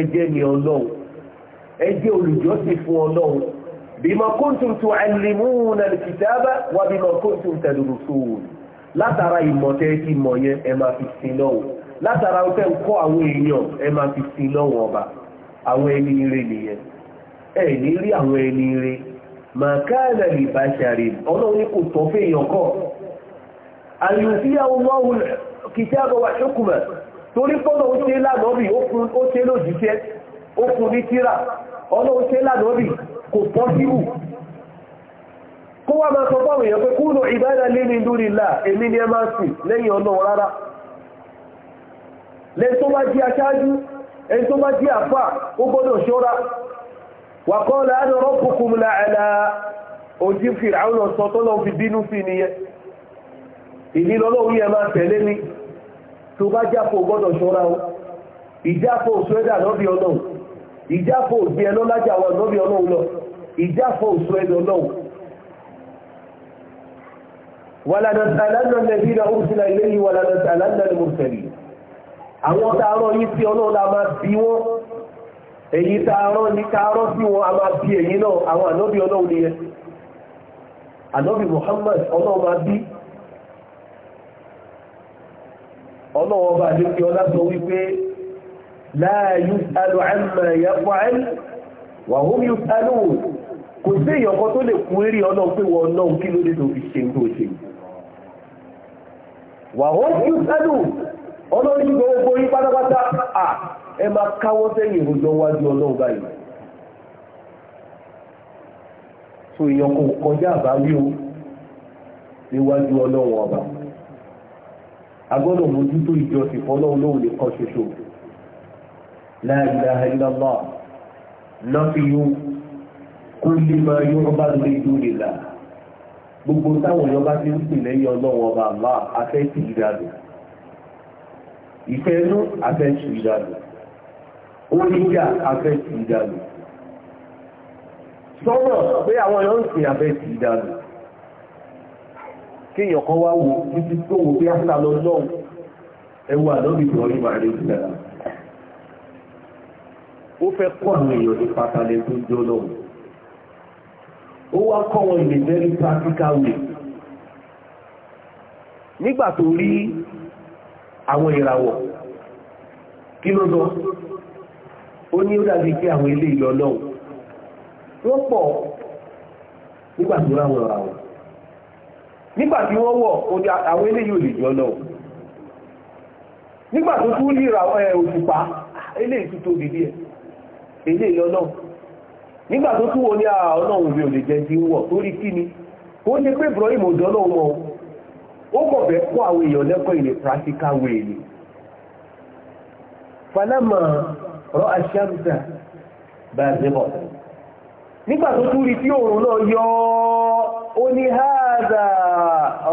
ẹjẹ́ ni ọlọ́run ẹjẹ́ fún bima kuntum tu'allimuna al-kitaba wa bima kuntum tadrusun látara ìmọ̀tẹ́ kí mọ̀ yẹn ẹ máa fi sin lọ́wọ́ látara ọ̀fẹ́ ń kọ́ àwọn èèyàn ẹ máa fi sin lọ́wọ́ ọba àwọn ẹni ire nìyẹn ẹ ní rí àwọn ẹni ire màá káàdà lè bá ṣàrè ọlọ́run ní kò tọ́ fèèyàn kọ́ àyùsíyà Allahu kitaba wa hukma torí pọ́nà ó ṣe lánàá bì ó ṣe lójíṣẹ́ ó fún ní tíra ọlọ́run ṣe lánàá bì kò pọ́síwù kó wá máa sọ fáwọn èèyàn pé kúrò ìbádà lé ní lórí ìlà èmi ni ẹ máa sì lẹ́yìn ọlọ́run rárá lẹ́yìn tó bá jí aṣáájú ẹni tó bá jí àfà ó gbọ́dọ̀ ṣọ́ra wà kọ́ láàrín rabbukum la'ala ìjápò ṣọ́ẹ́dà lọ́bí ọlọ́run ìjápò gbé ẹlọ́lájà lọ́bí ọlọ́run lọ́run ìjáfọ́ òṣù ẹ̀dọ̀ náà wàlànàtàlánà lẹ́bínà òṣìlá ilé yìí wàlànàtàlánà ni mo tẹ̀lé àwọn tààrọ yìí tí ọlọ́ọ̀lá máa bí wọ́n èyí tààrọ ní tààrọ sí wọn a ọlá sọ wípé la yus'alu amma yaf'al wa hum yus'alun kò sí èèyàn kan tó lè kú eré ọlọ́run pé wọ́n náà kí ló dé tó fi ṣe tó ṣe wà ó kí ó ọlọ́run gbogbo yín pátápátá à ẹ máa káwọ́ sẹ́yìn ìròjọ́ wájú ọlọ́run báyìí so èèyàn kò kọjá àbáwí o níwájú ọlọ́run ọba agbọ́dọ̀ mójútó fọlọ́run kó lè máa yọ ọba lè dúró là gbogbo táwọn èèyàn bá ti ń pè lẹ́yìn ọlọ́wọ́ ọba àmà afẹ́tì ìdàdù ìfẹ́nú afẹ́tì ìdàdù oníyà afẹ́tì ìdàdù sọ́wọ́ pé àwọn èèyàn ń sìn afẹ́tì ìdàdù kéèyàn kan wá wo títí tó wo bí àṣà lọ lọ́hùn ẹwà lọ́bì tó ọdún máa rí ìgbàlá ó fẹ́ kọ́ àwọn èèyàn ní pátálẹ́ tó jọ lọ́hùn ó wá kọ́ wọn a very practical way nígbà tó rí àwọn ìràwọ̀ kí ló lọ ó ní ó dàbí pé àwọn ilé ìlọ lọ́wọ́ pọ̀ nígbà tó nígbà tí wọ́n wọ̀ àwọn ilé yóò lè jọ nígbà tó tún nígbà tó tún wọ ní ah, ọlọ́run mi ò lè ti ni ó pé Ibrahim ọ̀dọ́ náà mọ́ ó kọ̀ eyi kó àwọn èèyàn lẹ́kọ̀ọ́ ilẹ̀ practical way ni falama rọ aṣáàmùsà bá ṣe bọ̀ nígbà tó tún rí tí òòrùn náà yọ ó ní háàdà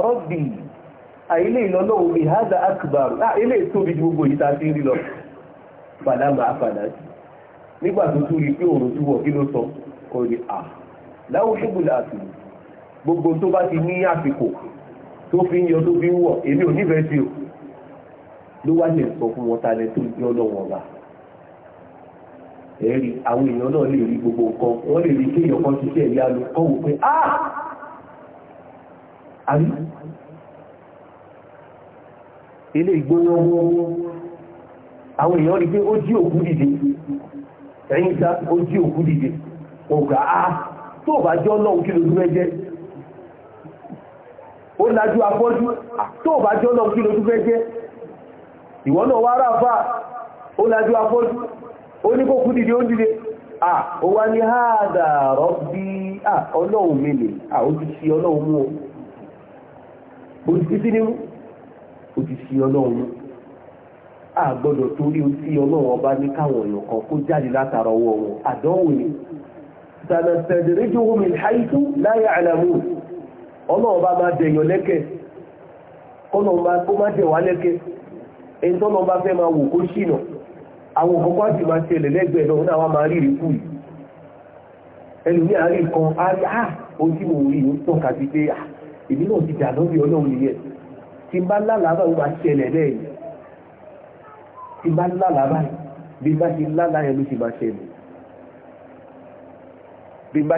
rọ́bì háàdà gbogbo yìí rí lọ nígbà tó tún rí pé òòrùn tún wọ̀ kí ló sọ kò ní à láwọn ṣubú láti gbogbo tó bá ti ní àsìkò tó fi ń yọ tó fi ń wọ̀ èmi ò nífẹ̀ẹ́ sí o ló wá lè sọ fún wọn talẹ tó jẹ́ ọlọ́wọ́n ọba ẹ̀rí àwọn èèyàn náà lè rí gbogbo nǹkan wọ́n lè rí kéèyàn kan ṣiṣẹ́ ìyá lu kọ́ wò pé áà àrí ilé ìgbóná wọ́n àwọn èèyàn rí pé ó jí òkú dìde ẹ̀yìn sá ó jí òkú dìde ògbà á tó bá jọ́ náà kí lójú fẹ́ jẹ́ ó lajú afọ́jú tó bá jọ́ náà kí lójú fẹ́ jẹ́ ìwọ náà wá ráfà ó ó ní dìde ó dìde ó wá ní ọlọ́run ọlọ́run mú mú àgbọ́dọ̀ torí tí ọlọ́run ọba ní káwọn èèyàn kan kó jáde látara ọwọ́ wọn àdánwò ni sanastadrijuhum min haythu la ya'lamun ọlọ́run ọba máa dẹ̀yàn lẹ́kẹ̀ kọ́nà ọba kó má dẹ̀ wá lẹ́kẹ̀ ẹni tọ́nà ọba fẹ́ máa wò kó ṣìnà àwọn kọ̀ọ̀kan sì máa ṣẹlẹ̀ lẹ́gbẹ̀ẹ́ náà náà wá máa rí ìrìkú yìí ẹlùmí àárí kan àárí àá ah, ohun tí mo rí ó tọ́ka sí pé ìdí ah, ti dà lórí ọlọ́run nìyẹn tí bá lálàá bá wọ́n ṣẹlẹ̀ lẹ́yìn tí bá lálàá báyìí bí bá ṣe lálàá ẹ̀ ti ṣe bá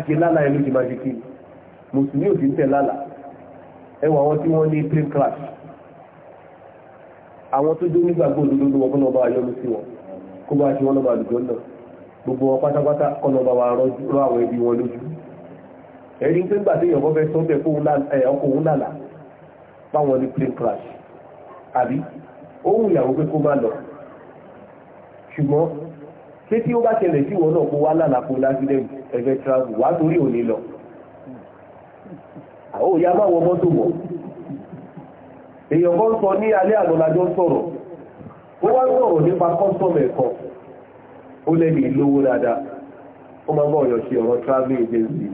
ṣe ti ṣe kí mùsùlùmí ò sí tẹ lálàá ẹwà àwọn tí wọ́n ní plane crash àwọn tó dé ọba ayọ́lú sí wọn kó bá ṣe gbogbo wọn pátápátá kọ́nà ọba àwọn ẹbí wọn lójú ní plane crash àbí ó wù ṣùgbọ́n ṣé tí ó bá ṣẹlẹ̀ sí ìwọ náà kó wá lálàpọ̀ lásìdẹ̀m ẹ̀fẹ̀ travel wá torí òní lọ àwọn òyà máa wọ mọ́tò wọ̀ èèyàn kan sọ ní alẹ́ àlọ́lájọ́ sọ̀rọ̀ ó wá sọ̀rọ̀ nípa custom ẹ̀kọ́ ó lẹ́nu ìlówó dáadáa ó máa ń bọ̀ ọ̀yọ̀ ṣe ọ̀rọ̀ traveling agency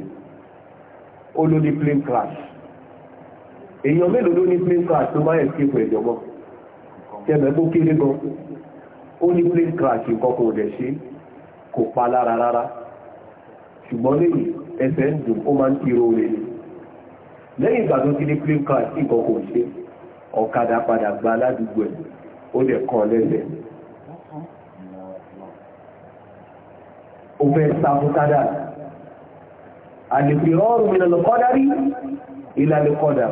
ó ló ní plane crash èèyàn mélòó ló ní plane crash tó máa ń escape ẹ̀jọ̀ mọ́ ó ní plane crash ìkọkọ̀ òdẹ̀ ṣe kò pa lára rárá ṣùgbọ́n lẹ́yìn ẹsẹ̀ ń dùn ó máa ń tiro rẹ̀ ni lẹ́yìn ìgbà tó ti ní plane crash ìkọkọ̀ ṣe ọ̀kadà padà gba aládùúgbò ẹ̀ ó dẹ̀ kàn lẹ́sẹ̀ ó fẹ́ sá fún kádà àlèfè ọrùn ìlànàkọ́dárí ìlànàkọ́dà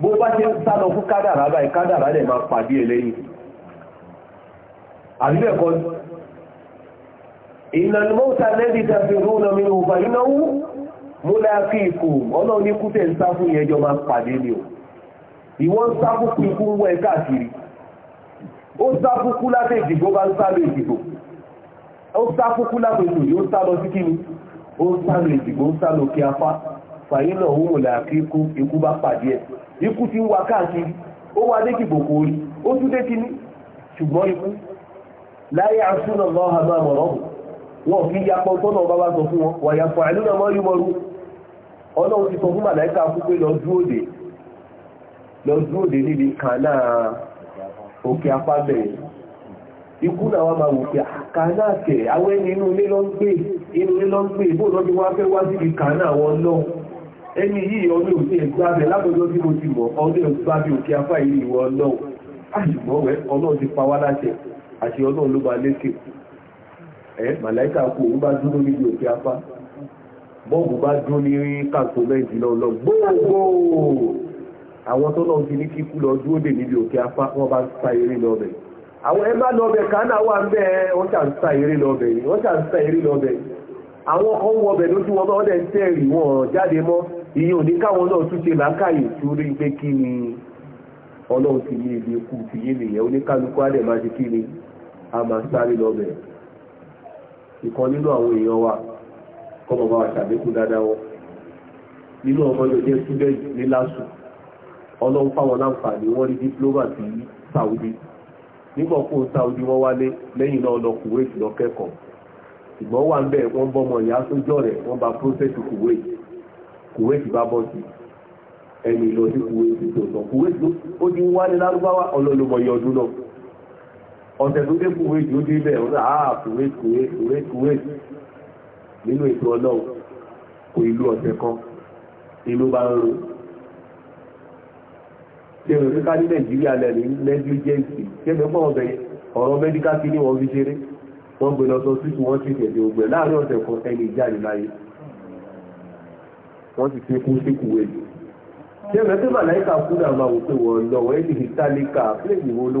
bó bá ṣe ń sá lọ fún kádà rábà ìkádà rádà máa pàdé ẹlẹ́yìn àbíbẹ̀kọ́ ìlànàmọ́ta lẹ́dí tàbírúnà mi ò bá ináwó mú láàfí ikú ọlọ́ ní kútẹ̀ ń sá fún ìyẹjọ máa pàdé ní o ìwọ́n sá fún ikú ń wọ ẹ̀ká àkiri ó sá fún kú láti ìdìbò bá ń sá lọ ìdìbò ó sá fún kú láti ìlú yóò sá lọ sí kíni ó ń sá lọ ìdìbò ń sá lọ kí afá fàyínà òun ò láàfí ikú ikú bá pàdé ẹ̀ ikú ti ń wa káàkiri ó wá dé kìbòkò orí ó tún dé kíní ṣùgbọ́n ikú láyé àṣúná na ọ̀hà máa mọ̀rọ̀ wọn kì í yapọ̀ tọ́nà ọba bá sọ fún wọn wà yàtọ̀ àìlúnà mọ́ yúmọ́rú ọlọ́run ti sọ fún màláìka akwụkwọ lọ dúró dé lọ dúró dé níbi kànáà òkè apá bẹ̀rẹ̀ ikú náà máa wò pé ah, àwọn ẹni inú ilé ló ń gbé fẹ́ wá síbi wọn lọ ẹni yìí ọdún òsì àti ọlọ́run ló bá lékè ẹ màláìka kú òun bá dúró níbi òkè apá bọ́ọ̀bù bá dún ní kàǹtó mẹ́jì náà lọ gbogbo àwọn tó náà ti ní kíkú lọ dúró dè níbi òkè apá wọ́n bá ń sa eré lọ́bẹ̀ àwọn ẹ má lọ́bẹ̀ kánà wà ń bẹ́ ẹ wọ́n ṣà ń sa eré lọ́bẹ̀ yìí wọ́n ṣà ń sa eré lọ́bẹ̀ àwọn kan wọbẹ̀ lójú wọn bá wọ́n dẹ̀ ń tẹ̀rì wọn jáde mọ́ ìyẹn ò ní káwọn náà tún ṣe làákàyè tún rí pé kí ni ọlọ́run ti yé ibi ikú ti yé nìyẹn oníkálukú á dẹ̀ máa ṣe kí ni a máa sáré lọ́bẹ̀ ìkan nínú àwọn èèyàn wa kọ́mọ̀ bá wa ṣàlékún dáadáa nínú ọmọ yóò jẹ́ student ní lásù ọlọ́run fáwọn láǹfààní wọ́n rí diploma sí Saudi nígbà kó Saudi wọ́n lọ Kuwait lọ kẹ́kọ̀ọ́ ìgbọ́n wà ń bẹ̀ wọ́n bọ́mọ rẹ̀ wọ́n bá process Kuwait Kuwait bá bọ́ sí Kuwait tó ọ̀sẹ̀ tó dé kúwé jù ó dé bẹ̀ ó náà ah, kúwé kúwé kúwé kúwé nínú ètò ọlọ́run kò ìlú ọ̀sẹ̀ kan ìlú bá ń ro ṣe rò níká ní nàìjíríà lẹ́nu negligence ṣe fẹ́ pọ̀ ọ̀bẹ ọ̀rọ̀ medical kí ni wọ́n fi ṣeré wọ́n gbé lọ sọ síkú wọ́n sì tẹ̀lé ogbẹ̀ láàrin ọ̀sẹ̀ kan ẹni ìjáde láyé wọ́n sì fi kú síkú wẹ̀ ṣe rẹ̀ pé màláìka kú náà máa wò pé wọ́n lọ ẹni ìtàlíkà pléènì wo ló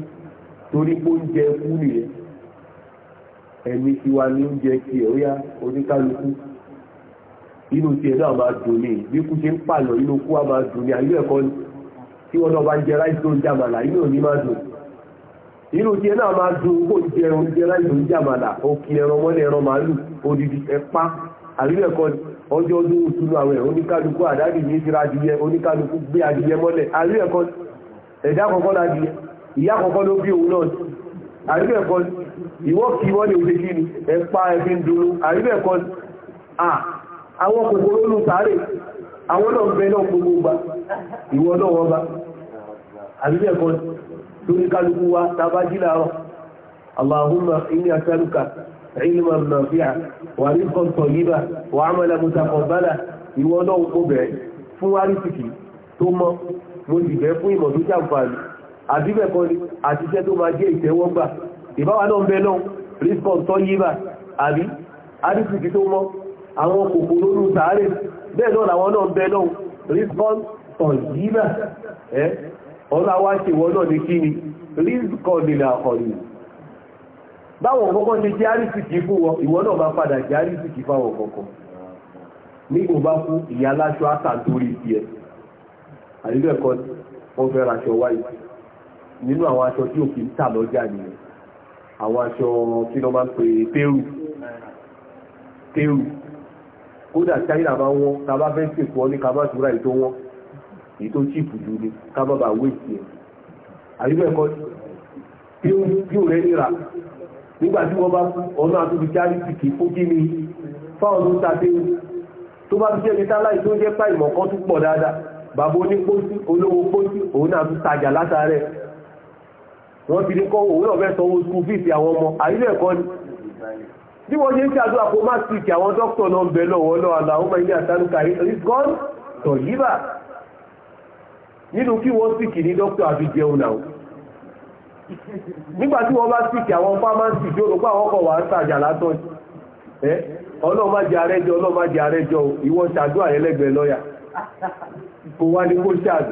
torí pé oúnjẹ kú nìyẹn ẹ̀mí tiwa ní oúnjẹ ti ẹ̀ óyá oníkálukú inú tiẹ̀ náà máa dùn ní bí kú ṣe ń pààyàn inú kú á máa dùn ní àyè ẹ̀kọ́ tí wọ́n náà bá ń jẹ láì tó ń jàmàlà inú ò ní máa dùn inú tiẹ̀ náà máa dùn kó ń jẹ oúnjẹ láì tó ń jàmàlà òkè ẹran mọ́lẹ̀ ẹran màálù odidi ẹ̀pá àyè ẹ̀kọ́ ọjọ́ ọdún ìtúnú àwẹ̀ oníkálukú àdádì ní ìsira adìyẹ oníkálukú gbé adìyẹ mọ́lẹ̀ àyè ẹ̀kọ́ ẹ̀dá kọ̀ọ̀kan ìyá àkọ́kọ́ ló bí òun náà àríbẹ̀kọ́ ìwọ́ kí wọ́n lè ojú kíni ẹ̀pá ẹ̀fí ń dúró àríbẹ̀kọ́ àwọn kòkòrò olú sáré àwọn náà bẹ náà gbogbo gba ìwọ náà wọ́n bá àríbẹ̀kọ́ lórí kálukú wa tàbájí láàrọ̀ Allahumma inni as'aluka ilman nafi'an wa rizqan tayyiban wa 'amalan àbíbẹ̀kọ́ ni àti iṣẹ́ tó máa jẹ́ ìtẹ́wọ́gbà ìbáwà náà ń bẹ náà rísbọ̀n tọ́ yíbà àbí àdìsìkì tó mọ́ àwọn kòkòrò ní sàárè bẹ́ẹ̀ náà làwọn náà bẹ náà rísbọ̀n tọ̀ yíbà ẹ́ ọlá wá ṣe wọ́n náà ní kí ni rísbọ̀n nílà ọ̀rìn báwọn kọ́kọ́ ṣe jẹ́ àdìsìkì fún wọn ìwọ náà máa padà jẹ́ àdìsìkì fáwọn kọ̀ọ̀kan nígbò bá kú ìyá aláṣọ wọ́n fẹ́ raṣọ wáyé nínú àwọn aṣọ tí òfin tà lọ́jà ni àwọn aṣọ kí lọ máa ń pè pẹ́rù pẹ́rù kódà China máa wọ́n tàbá fẹ́ sèkú ọ ní kàbá túra ètò wọn ètò chíìpù jù ní kábàbà wéèkì ẹ̀ àyíbẹ̀ ẹ̀kọ́ tí ó rẹ̀ nira nígbàtí wọ́n bá ọ̀nà àtúbi járíkì kì fún kí ni fáwọn tó tàbí tó bá fi jẹ́ ní táláì tó jẹ́ pàìmọ̀ kan tún pọ̀ dáadáa bàbá onípótí olówó pótí òun náà tún tajà látàrẹ wọ́n ti ní kọ́ òun náà fẹ́ sanwó school fees àwọn ọmọ àyílẹ̀ ẹ̀kọ́ ni bí wọ́n ṣe ń ṣàdúrà kó má sí ìkì àwọn dókítà náà ń bẹ lọ́wọ́ lọ́wọ́ àlàó máa ní àtàlùkà rìsgọ́n tọ̀yíbà nínú kí wọ́n sì kì ní dókítà àfi jẹun náà nígbà tí wọ́n bá sì kì àwọn fámásì tí olùkọ́ àwọn kan wà ń tàjà látọ̀ ẹ́ ọlọ́ọ̀ má jẹ arẹ́jọ ọlọ́ọ̀ má jẹ arẹ́jọ ìwọ ṣàdúrà yẹn lẹ́gbẹ̀ẹ́ lọ́yà kò wá ní kó ṣàdù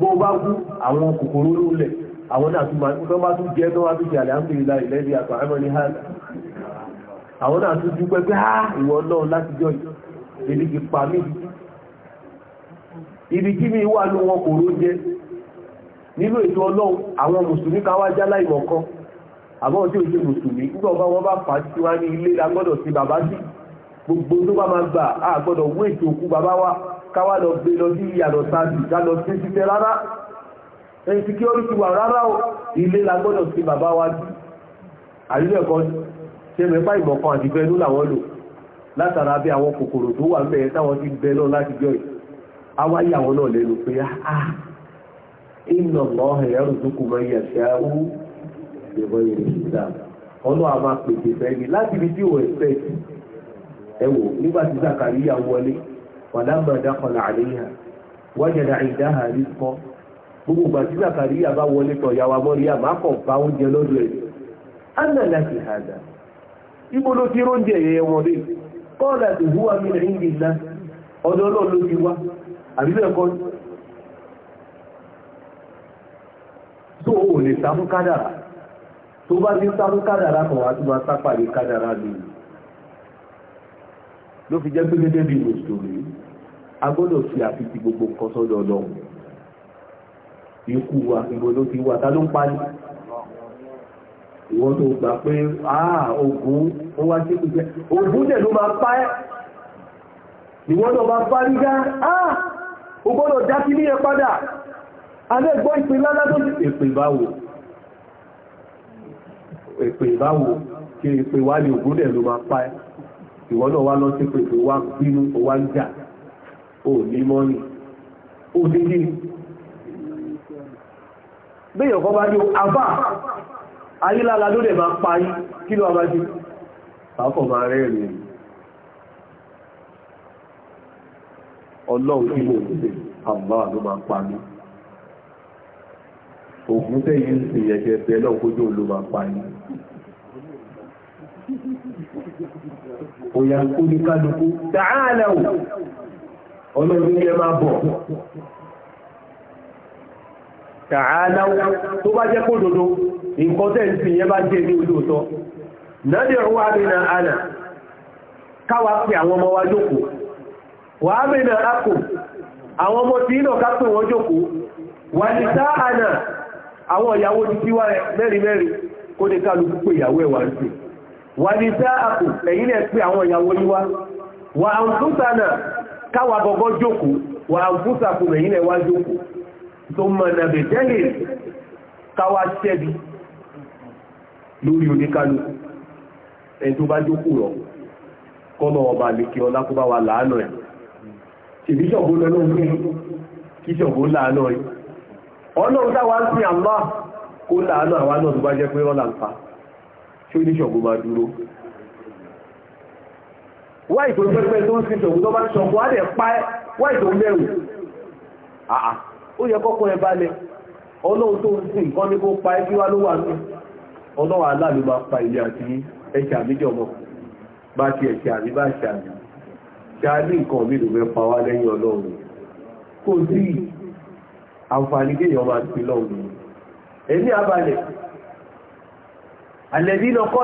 bó bá kú àwọn kòkòrò lólẹ̀ àwọn náà tún máa tó bá tún jẹ́ tó wá tún jẹ́ àlẹ́hàmdùlá ìlẹ́bí ibi kí mi wà ló wọn kòrò jẹ nínú ètò ọlọ́run àwọn mùsùlùmí ká wá jálá ìmọ̀ kan àbọ̀ tí ò ṣe mùsùlùmí nígbà ọba wọn bá fà sí wa ní ilé la sí bàbá sí gbogbo tó bá máa gbà á gbọ́dọ̀ ètò òkú bàbá wa káwà lọ gbé lọ sí ìyàlọ̀ sáàdì ìjálọ sí títẹ rárá ẹni tí kí orí ti wà rárá o ilé la sí bàbá wa jù àrílẹ̀ kan ṣe mẹ́fà ìmọ̀kan àti bẹ́ẹ̀lú làwọn lò látara bí àwọn kòkòrò tó wà mẹ́ẹ̀ táwọn ti bẹ́ẹ̀ lọ láti jọ yìí àwa ah iná mọ́ ẹ̀rù tó kù mọ́ ìyàṣẹ́ ó ìwọ ni láti ibi tí ò ẹ̀fẹ́ ẹ̀wò nígbà tí Zakari yà wọlé فلما دخل عليها وجد عندها رزقا gbogbo ìgbà tí Zakariya bá wọlé tọ̀ yàwá mọ́ríyà má kàn bá oúnjẹ lọ́dọ̀ ẹ̀ anna láti hàdà ibo ló ti róúnjẹ yẹn wọn rí kọ́ọ̀lá tó húwa mi rìn ní ìlà ọ̀dọ̀ náà ló ti wá àbíbẹ̀ kọ́ tó o lè sá fún kádàrà tó bá ti sá fún kádàrà kan wá tó máa sápàdé kádàrà mi ló fi jẹ́ pé gẹ́gẹ́ bí mùsùlùmí a gbọ́dọ̀ fi àfihàn gbogbo nǹkan sọ́dọ̀ ọlọ́run ikú wa ìbò ló fi wà ta ló ń parí ìwọ́n tó gbà pé àà ah, ogun ó wá sí pípẹ́ ogun dẹ̀ ló máa pa ẹ́ ìwọ́n náà máa parí gá àà o gbọ́dọ̀ já sí ní ẹ padà alẹ́ gbọ́ ìpè lálá tó sì èpè báwo èpè báwo kí èpè wá ní ogun dẹ̀ ló máa pa ẹ́ ìwọ́n náà wá lọ sí pé wá bínú ó wá ń jà ò ní mọ́nì ò ní ní bẹ́yọ̀ kọ́ bá ní àbá ayílára ló lè máa parí kí ló abájú pàápọ̀ máa rẹ̀ rẹ̀ ọlọ́run tí mo ń tẹ̀ àbá ló máa parí ògùn tẹ́yìn sí ẹ̀jẹ̀ bẹ́ẹ̀ kójú ló máa parí òyà kúrikálukú tààlà ọlọ́run ní ẹ máa bọ̀. Tààlá tó bá jẹ́ kó dodo, nǹkan tẹ́ ń sìn yẹn bá jẹ́ ní olóòtọ́. Nàdí ọ̀rọ̀ àmìnà ànà, káwa pè àwọn ọmọ wa jókòó. Wà àmìnà àkò, àwọn ọmọ tí ìnà ká pè wọ́n jókòó. Wà ní sá ànà, àwọn ìyàwó ti tíwá mẹ́rin mẹ́rin kó ní kálukú pé ìyàwó ẹ̀ wà ń sè. Wà ní sá àkò, ẹ̀yìn ẹ̀ pé àwọn ìyàwó yíwá. Wà àǹtúntànà, káwà gọ́gọ́ jókòó wà fúsàkù rẹ̀ yínlẹ̀ wá jókòó tó mọ̀nà bẹ̀tẹ́lẹ̀ káwà ṣẹ́bi lórí oníkálukú ẹni tó bá rọ̀ kọ́nà ọba àlèkè ọlá kó bá wa láàánà ẹ̀ ṣèbí ṣọ̀gbó ṣọ̀gbó wá ìtò pẹ́pẹ́ tó ń sin tòun tó bá ń ṣọ̀kọ́ á dẹ̀ pa ẹ́ wá ìtò mẹ́rù àà ó yẹ kọ́kọ́ ẹ balẹ̀ ọlọ́run tó ń sin nǹkan ní kó pa ẹ́ kí wá ló wà ní ọlọ́run aláàlú máa pa ilé àti ẹ̀ṣẹ̀ àmìjọmọ bá ti ẹ̀ṣẹ̀ àmì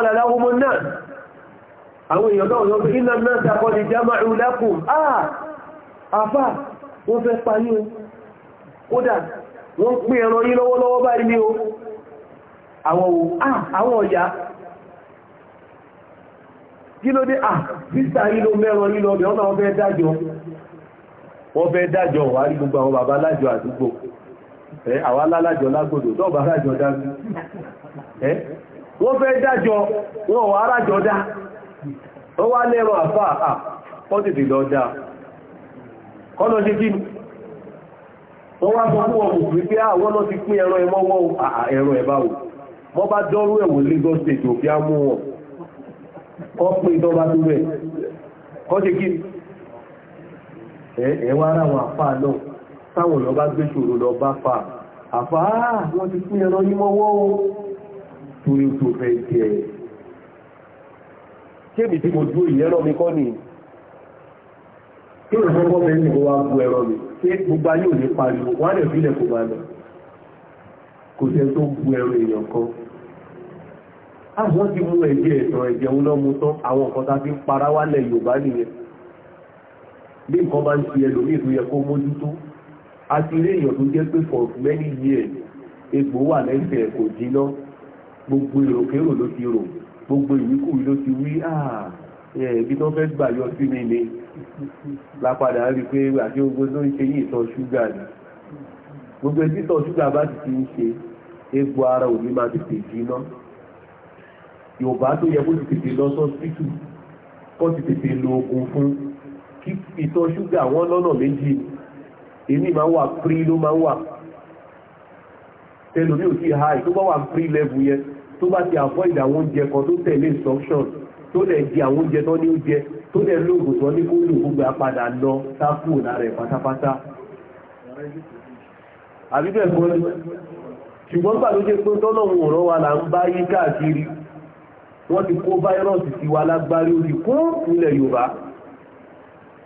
àmì àwọn èèyàn náà lọ́gbé iná náà sàkọ́ lè já máa ìrùlẹ́kùn àà ah! àfà wọ́n fẹ́ parí o kódà wọ́n pè ẹran yí lọ́wọ́lọ́wọ́ báyìí ní o àwọn o ah! àwọn ọ̀yá kí ló dé à ah! sísà yí ló mẹ́ran yí lọ́bẹ̀ ọ́nà wọ́n fẹ́ dájọ́ wọ́n fẹ́ dájọ́ wà rí gbogbo àwọn bàbá lájọ àdúgbò ẹ́ àwọn alálájọ lágbòdò tó bàbá lájọ dá wọ́n fẹ́ dájọ́ wọ́n wà rájọ dá wọ́n wá lẹ́rọ àfá àà wọ́n tètè lọ dáa kọ́nà ṣe kí wọ́n wá sọ ọmọ pé pé àwọn náà ti pín ẹran ẹmọ́wọ́ ẹran ẹ̀báwò wọ́n bá dọ́rú ẹ̀wò Lagos state ò fi wọn kọ́ pín kọ́ kéèmì tí mo dúró yìí ẹ̀rọ mi kọ́ nìyí kí o fọ́kọ́ bẹ́ẹ̀ ní wa bu ẹ̀rọ mi ṣé gbogbo ayé ò ní pariwo wọ́n á lè fi ilẹ̀ kó lọ kò sẹ́ tó bu ẹ̀rọ èèyàn kan àwọn ti mú ẹ̀jẹ̀ ẹ̀tàn ẹ̀jẹ̀ ń lọ́mú tán àwọn nǹkan tá fi ń para wálẹ̀ Yorùbá nìyẹn bí nǹkan bá ń ṣe ẹlòmíì tó yẹ kó mójútó a ti rí èèyàn tó jẹ́ pé for many years egbò wà lẹ́sẹ̀ kò jiná gbogbo èròkérò ló ti rò gbogbo ìwíkúwí ló ti wí àà ah, ẹ̀bí tó fẹ́ gbà yọ sí mi ni lápadà rí pé àti gbogbo tó ń ṣe yí ìtọ̀ ṣúgà ni gbogbo títọ̀ ṣúgà bá ti ti ń ṣe egbò ara òní máa tètè jiná yorùbá tó yẹ kó ti tètè lọ sọ́sítù kó ti tètè lo oògùn fún kí ìtọ̀ ṣúgà wọ́n lọ́nà méjì èmi máa wà pírí ló máa wà tẹlomi ò sí high tó bá wà pírí level yẹn tó bá ti avoid àwọn oúnjẹ kan tó tẹ̀lé instruction tó lè di àwọn oúnjẹ tó ní oúnjẹ tó lè lóògùn tó ní kó lò gbogbo apadà lọ sáfù lára ẹ̀ pátápátá àbíbẹ̀ fún ẹ ṣùgbọ́n gbà ló jẹ́ pé tọ́lọ̀wọ̀n ọ̀rọ̀ wa là ń bá yí káàkiri wọ́n ti kó fáírọ́ọ̀sì sí wa lágbárí orí kún ilẹ̀ Yorùbá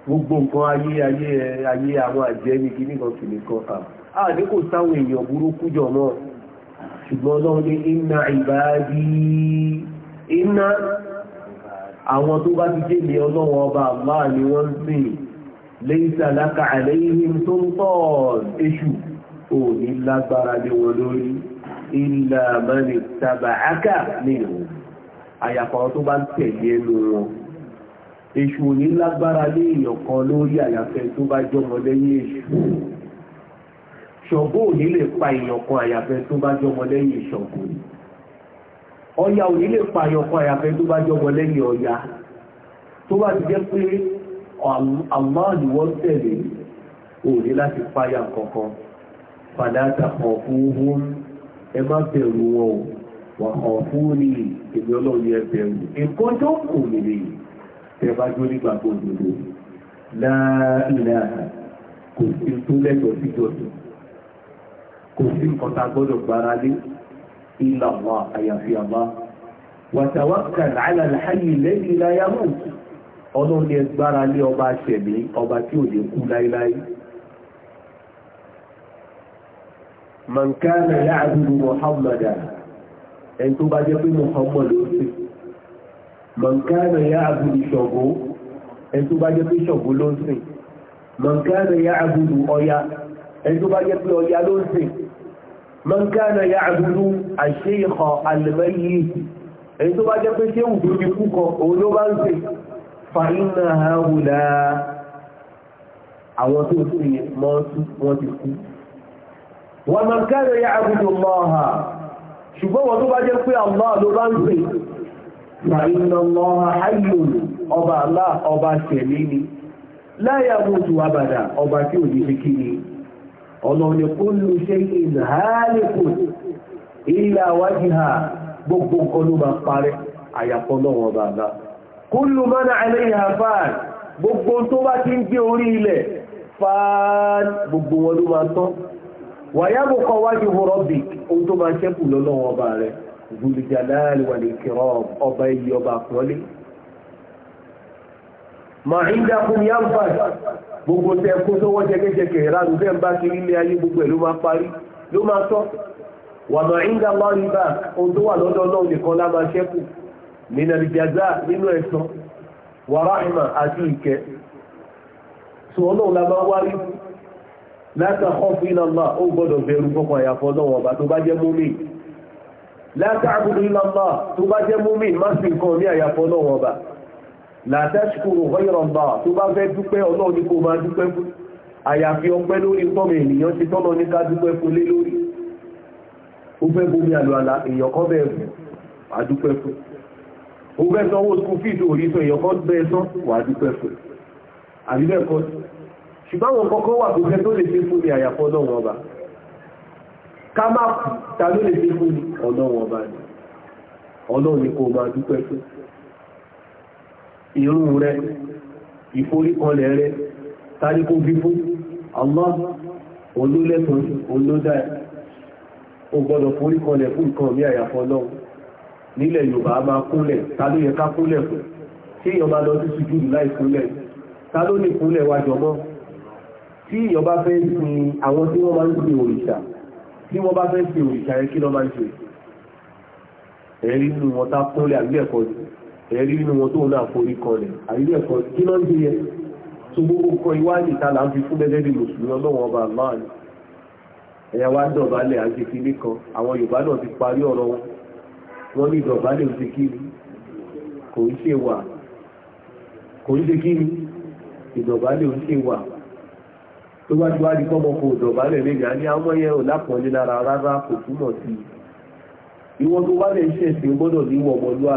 gbogbo nǹkan ayé ayé ayé àwọn àjẹ́ ní kíníkan kìnìkan àdínkù sáwọn èèyàn burúkú jọ náà ṣùgbọ́n ọlọ́run ní iná ìbáàdí iná àwọn tó bá ti dé ní ọlọ́run ọba àmà ni wọ́n ń sìn lẹ́yìn sàlákà àlẹ́yìn tó ń tọ́ ẹ̀ṣù ò ní lágbára lé wọn lórí ilà mẹ́rin tàbà ákà nínú àyàfọ̀ tó bá tẹ̀lé ẹnu wọn èṣù ò ní lágbára lé èèyàn lórí àyàfẹ́ tó bá jọmọ lẹ́yìn èṣù ṣọ̀gbó ò lè pa ìyọ̀kan àyàfẹ́ tó bá jọmọ lẹ́yìn ìṣọ̀gbó ni ọya ò lè pa ìyọ̀kan àyàfẹ́ tó bá jọmọ lẹ́yìn ọya tó bá ti jẹ́ pé àmáàlù wọ́n tẹ̀lé ò ní láti páyà kankan fàdáta kan fún hún ẹ má bẹ̀rù wọn o wà hàn fún ní èmi ọlọ́run yẹ bẹ̀rù kò sí tó lẹ́tọ̀ọ́ sí jọ̀dún kò sí nǹkan tá a gbọ́dọ̀ gbára lé illa Allah àyàfi Allah wa tawakkal ala al-hayy alladhi la yamut ọlọ́run ní ẹgbára lé ọba ṣẹ̀mí ọba tí ò lè kú láíláí man kana ya'budu ẹni tó bá jẹ́ pé Muhammad ló sì man kana ya'budu ẹni tó bá jẹ́ pé Ṣàngó ló sì man kana Ọya ẹni tó bá jẹ́ pé ọya ló ń sìn man kana ya'budu ash-shaykha al-mayyit ẹni tó bá jẹ́ pé ṣé òdò ní kú kan òun ló bá ń sìn fa inna haula àwọn tó sì mọ́ wọn ti kú wa man kana ya'budu Allaha ṣùgbọ́n wọn tó bá jẹ́ pé Allah ló bá ń sìn fa inna Allaha ọba Allah ọba tẹ̀lé ni la yamutu abada ọba tí ò ní fi kí ni ọlọ́run ni kó lu ṣe ìhálẹ́kù ilẹ̀ àwájì ha gbogbo nǹkan ló máa parẹ́ àyàpọ̀ lọ́wọ́ bàbá kó lu mọ́nà àìlẹ́yìn àfáàn gbogbo tó bá ti ń gbé orí ilẹ̀ fáàn gbogbo wọn ló máa tán ma inda kun yanfad gbogbo tẹ kó sọ́wọ́ jẹ́gẹ́jẹ́gẹ́ ìranu bẹ́ẹ̀ bá kiri ilé ayé gbogbo ẹ̀ ló máa parí ló máa tọ́ wà ma inda lọ́rí bá ohun tó wà lọ́dọ̀ náà nìkan lá máa ṣẹ́kù nínú nínú ẹ̀sán wà ráhìmà àti ìkẹ́ tó ọlọ́run la máa wárí láti àkọ́fù iná máa ó gbọ́dọ̀ bẹ̀rù àyàfọ́ náà wọ̀n bá tó bá jẹ́ múmi láti làtẹ́ṣùkúrò ọ̀yọ̀rọ̀mbà tó bá fẹ́ dúpẹ́ ọlọ́run ní kó máa dúpẹ́ fún àyàfi ọpẹ́ lórí tọ́mọ ènìyàn ti tọ́nà ní ká dúpẹ́ fún lé lórí ó fẹ́ bomi àlùalà èèyàn kan bẹ́ẹ̀ fún wà á dúpẹ́ fún ó fẹ́ sanwó sukùl fíìsì òrí sọ èèyàn kan bẹ́ẹ̀ sán wà á dúpẹ́ fún àbí bẹ́ẹ̀ kọ́ ṣùgbọ́n àwọn kọ́kọ́ wà tó fẹ́ tó lè ṣe fún mi àyàfọ́ náà wọn bá ká má ta ló lè ṣe fún mi ọlọ́run ni ọlọ́run máa dúpẹ́ fún ìrun rẹ ìforíkọlẹ̀ rẹ tàríkó bíbú Allah olólẹ́tọ̀ olódá o gbọ́dọ̀ foríkọlẹ̀ fún nǹkan mí àyàfọ́ náà nílẹ̀ Yorùbá máa kúnlẹ̀ ta ló yẹ ká kúnlẹ̀ fún tí èèyàn bá lọ sí sùjúdù láì kúnlẹ̀ ta ló lè kúnlẹ̀ wájọ mọ́ tí èèyàn bá fẹ́ sin àwọn tí wọ́n máa ń sin òrìṣà tí wọ́n bá fẹ́ sin òrìṣà yẹn kí lọ́ máa ń ṣe ẹ̀rí nínú wọn tá kúnlẹ̀ àgbẹ̀kọ́ ni ẹ̀rí nínú wọn tó ń náà forí kọlẹ̀ àìlú ẹ̀kọ́ kí yẹ tó gbogbo kọ ìwádìí ta ń fi fún gẹ́gẹ́ bí mùsùlùmí ọlọ́wọ́n ọba aláà ni ẹ̀yà dọ̀bálẹ̀ àgbègbè kan, àwọn Yorùbá náà ti parí ọ̀rọ̀ wọn ní ni, kò ń ṣe wà kò ń ṣe ṣe wà tó wá kọ́mọ kò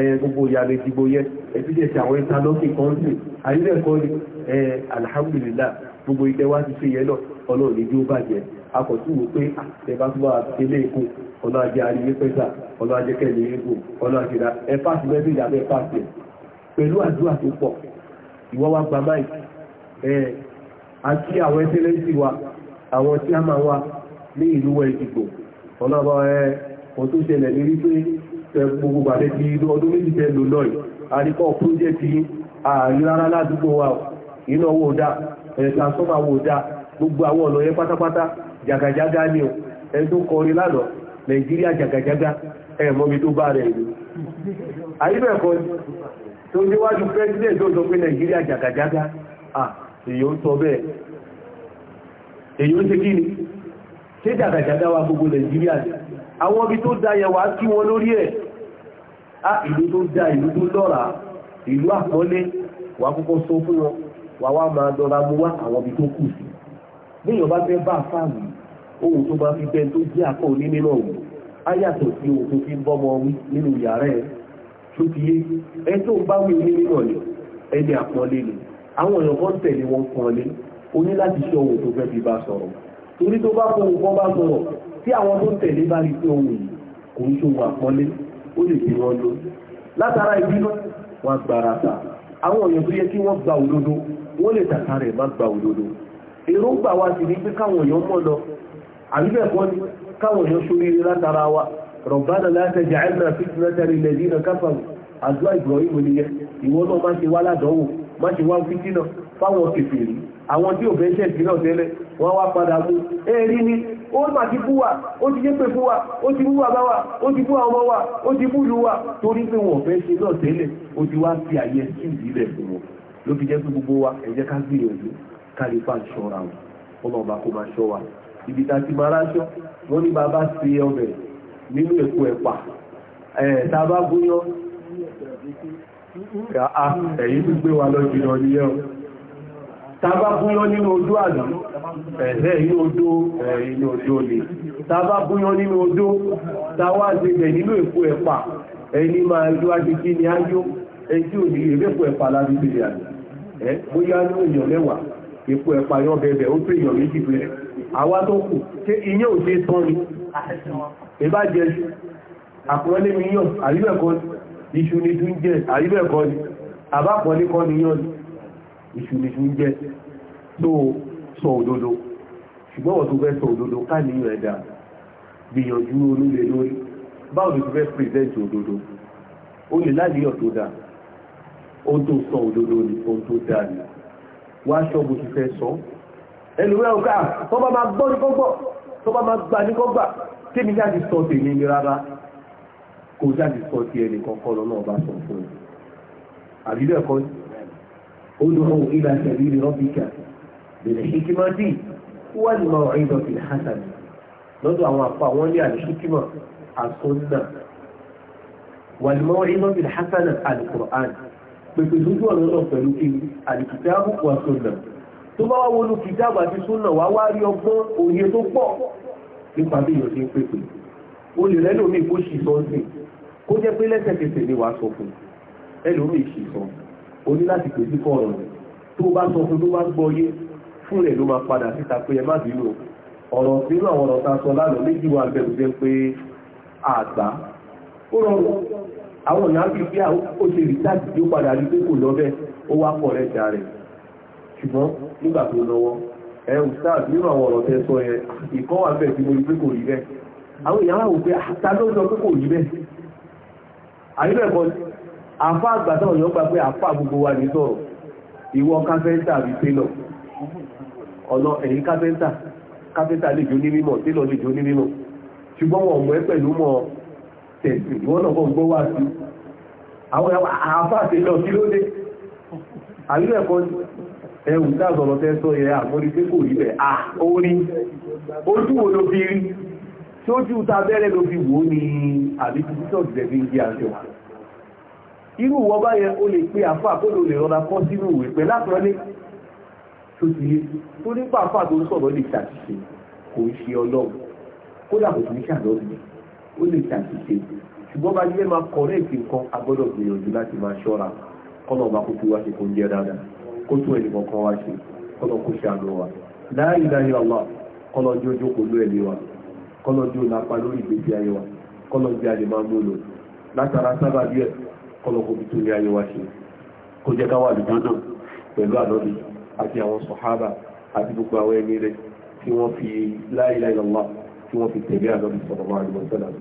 ẹ̀yẹ gbogbo ìyàlẹ̀ ìdìbò yẹ ẹ̀fíjẹ̀ tí àwọn ẹ̀ta lọ́kì kan sí àyílẹ̀ kọ́ ni ẹ̀ alhamdulillah gbogbo ìtẹ́ wá ti ṣe yẹ lọ ọlọ́run ní bí ó bàjẹ́ akọ̀túwò pé ah, ẹ bá tún bá ilé ìkó ọlọ́ ajé aríyé pẹ́sà ọlọ́ ajé kẹ́lẹ̀ ìgbò ọlọ́ àjẹ́dá ẹ pàṣẹ mẹ́bí ìdàbẹ́ pàṣẹ pẹ̀lú àdúrà tó pọ̀ ìwọ́ wa gba máì ẹ̀ àti àwọn ẹtẹ́lẹ́sì wa àwọn tí a máa wa ní ìlú wẹ̀ ìdìbò ọlọ́bọ̀ ẹ̀ kò tó ṣẹlẹ̀ ní wípé gbogbo bàtẹ́ ti ọdún méjì tẹ́ lò lọ́yìn àríkọ́ púrójẹ́tì àrílára ládùúgbò wa iná owó dá ẹ̀ẹ̀ta sọ́mà owó dá gbogbo àwọn ọ̀nà yẹn pátápátá jàgàjágá ní o ẹni tó kọrin lánàá nàìjíríà jàgàjágá ẹ̀mọ́mi tó bá rẹ̀ ìlú àyíbẹ̀kọ́ tó níwájú president tó sọ pé nàìjíríà jàgàjágá à èyí ń sọ bẹ́ẹ̀ àwọn ibi tó dáyẹ̀ wá kí wọn lórí ẹ̀ á ìlú tó dá ìlú tó lọ́ra ìlú àpọ́lé wà kọ́kọ́ sọ fún wọn wà wá máa dọ́ra mú wá àwọn ibi tó kù sí níyàn bá fẹ́ bá fáàlì ohun tó máa fi bẹ́ẹ̀ tó jẹ́ àpọ̀ ní ni àwọn èèyàn kan tẹ̀lé wọn kan lé torí tó bá fọ ohun bá sọ̀rọ̀ tí àwọn tó tẹ̀lé bá rí pé ohun yìí kò ń ṣòwò àpọ́nlé ó lè bí wọn látara ìbínú wọn gbára àwọn èèyàn tó yẹ kí wọ́n gba òdodo wọ́n lè tàkà rẹ̀ má gba òdodo èrò wa sì ní pé káwọn èèyàn mọ̀ lọ àbíbẹ̀kọ́ ni káwọn èèyàn ṣoríire látara wa rọ̀bánà látẹ̀jẹ̀ àìmọ̀ fìtìlẹ́tẹ̀rì lẹ́dínà káfàrù àdúrà ìbùrọ̀yìn oníyẹ wá má ṣe wá ó mà ti bú wa ó ti jẹ́ pé fún wa ó ti bú bàbá wa ó ti bú ọmọ wa ó ti bú ìlú wa torí pé wọ́n fẹ́ ṣe náà tẹ́lẹ̀ ó ti wá fi àyè sí ìdílẹ̀ fún wọn ló fi jẹ́ pé gbogbo wa ẹ jẹ́ ká gbìyànjú ká lè ṣọ́ra wọn ọmọ ọba kó máa ṣọ́ wa ibi ta ti máa ráṣọ́ wọ́n ní bàbá ṣe ọbẹ̀ nínú èkó ẹ̀pà ẹ̀ tá bá gúnyán ẹ̀yìn gbígbé wa lọ jìnnà nìyẹn tàbá búyán nínú odó àdá ẹ̀ẹ́ inú odó inú odó ni tàbá búyán nínú odó tàwá àgbègbè nínú èpo ẹ̀pà ẹni máa ń lọ́wájú kí ni áyó ẹjí ò ní èpo ẹ̀pà lábí bílẹ̀ àná ẹ́ bóyá ní èèyàn mẹ́wàá èpo ẹ̀pà yọ bẹ̀bẹ̀ ó pé èèyàn méjì bẹ̀rẹ̀ àwa tó kọ́ ni yàn ìṣúniṣú ń jẹ́ tó sọ òdodo ṣùgbọ́n wọ́n tó fẹ́ sọ òdodo ká ní ẹ̀dà gbìyànjú olúlé lórí báwo ló ti fẹ́ pírẹsẹ̀ntì òdodo ó lè láàríyàn tó dáa ohun tó sọ òdodo ni ohun tó dáa ni wá ṣọ́bù ti fẹ́ sọ ẹlùmí ọ̀gá tó bá máa gbọ́ ní kọ́gbọ́ tó bá máa gbà ní kọ́gbà tèmi ṣáà ti sọ tèmi ní rárá kò ṣáà ti sọ ti ẹnì kọ́kọ́ lọ́nà ọba sọ ادعوا إلى سبيل ربك بالحكمة والموعظة الحسنة lọ́dọ̀ àwọn àpá wọn ní àlùsíkìmọ̀ àsọ́nà wàlùmọ́wọ́lùmọ́ bí hasana alukur'an pẹ̀pẹ̀ lójú ọ̀nà náà pẹ̀lú kí alìkìtàbù wà sọ́nà tó bá wọ́n ló kìtàbù àti sọ́nà wà wá rí ọgbọ́n òye tó pọ̀ nípa bí yóò ṣe ń pẹ̀pẹ̀ o lè rẹ́lò mí kó ṣì sọ́ọ̀sìn kó jẹ́ pé lẹ́sẹ̀kẹsẹ̀ ni wàá sọ fún ẹlòmíì ṣì sọ́ọ̀sìn o ní láti pèsè fún ọ̀rọ̀ rẹ̀ tó bá sọ fún tó bá gbọ́ fún rẹ̀ ló máa padà síta pé ẹ má bínú ọ̀rọ̀ sínú àwọn ta sọ lánàá méjì wà bẹ̀rù pé àgbà ó rọrùn àwọn ìyá bíi bí ó ṣe rìsáàtì tí ó padà rí pé kò lọ bẹ́ẹ̀ ó wá pọ̀ sọ yẹn ìkọ́ wà tí mo rí pé kò rí bẹ́ẹ̀ àwọn ìyá wà wò pé ah, àfá àgbà tọ́rọ̀ yóò gbà pé àfá gbogbo wa ní sọ̀rọ̀ ìwọ káfẹ́ntà àbí télọ̀ ọ̀nà ẹ̀yìn káfẹ́ntà káfẹ́ntà lè jó ní mímọ̀ télọ̀ lè jó ní mímọ̀ ṣùgbọ́n wọn mọ̀ ẹ́ pẹ̀lú mọ̀ tẹ̀sì wọn náà kọ́ gbọ́ wá sí àwọn àfá télọ̀ kí ló dé àrílẹ̀ ẹ̀kọ́ ẹ̀wù táàzọ̀rọ̀ tẹ́ sọ yẹ àmórí pé kò rí bẹ̀ à orí ojú wo ló fi rí tí ó jù ta irú wọ báyẹn o lè pe àfà àkóòlò lè rọra kọ́ sínú ìwé pẹ̀ lápẹ́lẹ́ tó ti yé tó nípa àfà tó sọ̀rọ̀ lè ṣàṣìṣe kò ń ṣe ọlọ́run kódà kò tún ṣàlọ́run ó lè ṣàṣìṣe ṣùgbọ́n bá jẹ́ máa kọ̀rẹ́ẹ̀tì nǹkan agbọ́dọ̀ gbìyànjú láti máa ṣọ́ra kọ́nà ọba kó fi wá ṣe kó ń jẹ́ dáadáa wa kọ́nà jẹ́ ojú kò wa kọ́nà jẹ́ apá lórí ìgbésí ayé wa kọlọ̀kọ̀ bí tó lé ayé wá sí kó jẹ́ káwà lùdán náà pẹ̀lú àlọ́lì àti àwọn sọ̀hábà àti gbogbo àwọn ẹni rẹ̀ tí wọ́n fi la ilaha illallah tí wọ́n fi tẹ̀lé àlọ́lì sallallahu alaihi wasallam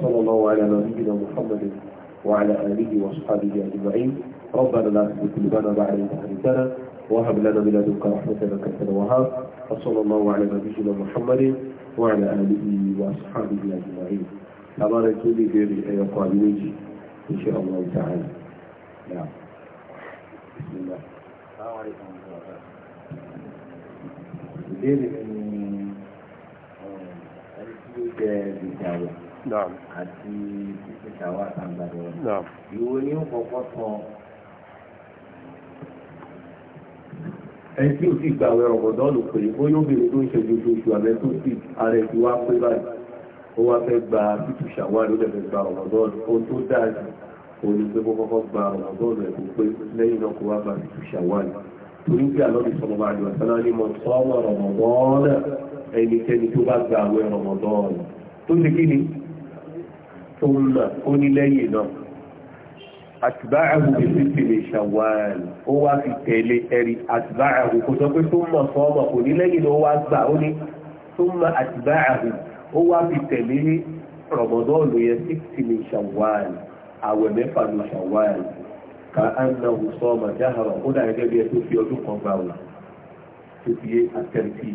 sallallahu ala nabiyyina Muhammadin wa ala alihi wa sahbihi ajma'in ربنا لا تزغ قلوبنا بعد إذ هديتنا وهب لنا من لدنك رحمة إنك أنت الوهاب وصلى الله على نبينا محمد وعلى آله وأصحابه أجمعين. أمانة تولي غير أيقاظ وجهي إن شاء الله تعالى نعم بسم الله السلام عليكم ورحمة الله وبركاته ìbéèrè ni um, ẹni tí ó jẹ ìjàwọ̀ àti títí ìjàwọ̀ àtàǹgbàdọ̀ ìwò ni ó kọ́kọ́ sọ ẹni tí ó sì gbàwẹ̀ ọ̀gọ̀dọ́ lò pé ó yóò bèèrè tó ń ṣe ojoojúmọ́ àbẹ́ tó sì ààrẹ ti wá pé báyìí ó wá fẹ́ gba títù ṣàwárí ó lẹ́fẹ́ gba Ramadan ohun tó dáa jù ó ní pé kọ́kọ́ gba Ramadan ẹ̀ kó pé lẹ́yìn náà kó wá gba títù ṣàwárí torí pé àlọ́bí sọ̀rọ̀ bá àdìwà sálá ní mọ̀ sọ́wọ́ Ramadan ẹnikẹ́ni tó bá gba àwẹ̀ Ramadan tó ti kí ni tó ń nà ó ní lẹ́yìn náà àtìbáàrù èsì ti lè ṣàwàl ó wá fi tẹ̀lé ẹ̀rí àtìbáàrù kò sọ pé tó mọ̀ sọ́mọ̀ kò ní lẹ́yìn ló wá gbà ó ní tó mọ̀ àtìbáàrù ó wá fi tẹ̀lé rọ̀mọ̀dọ́ọ̀lù yẹn sixty ní ṣàwáàl àwẹ̀ mẹ́fà ní ṣàwáàl ká anna hùsọ́ ọmọ jáhàrọ̀ ó dà gẹ́gẹ́ bí ẹ tó fi ọdún kan gbà wà tó fi yé àtẹ̀tì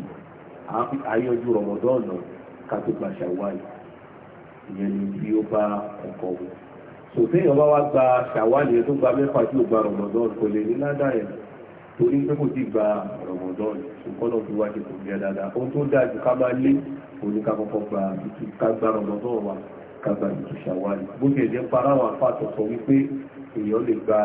àyànjú rọ̀mọ̀dọ́ọ̀lù ká tó gba ṣàwáàl ìyẹn ni bí ó bá ẹ̀kọ́ wọn sòtẹ́ ìyọba wá gba ṣàwálì ẹ̀ tó gba mẹ́fà tí ó gba rọ̀mọ̀dọ́n kò lè ní ládàáyẹ̀ torí pé kò ti gba rọ̀mọ̀dọ́n ṣùgbọ́n náà fi kò jẹ́ dáadáa ohun tó dáa jù ká máa lé oníkàkọ́kọ́ gba ìtú kágbà rọmọdún wa kágbà ìtú ṣàwálì bó ti ẹ̀jẹ̀ para wà fà sọ̀tọ̀ wípé èèyàn lè gba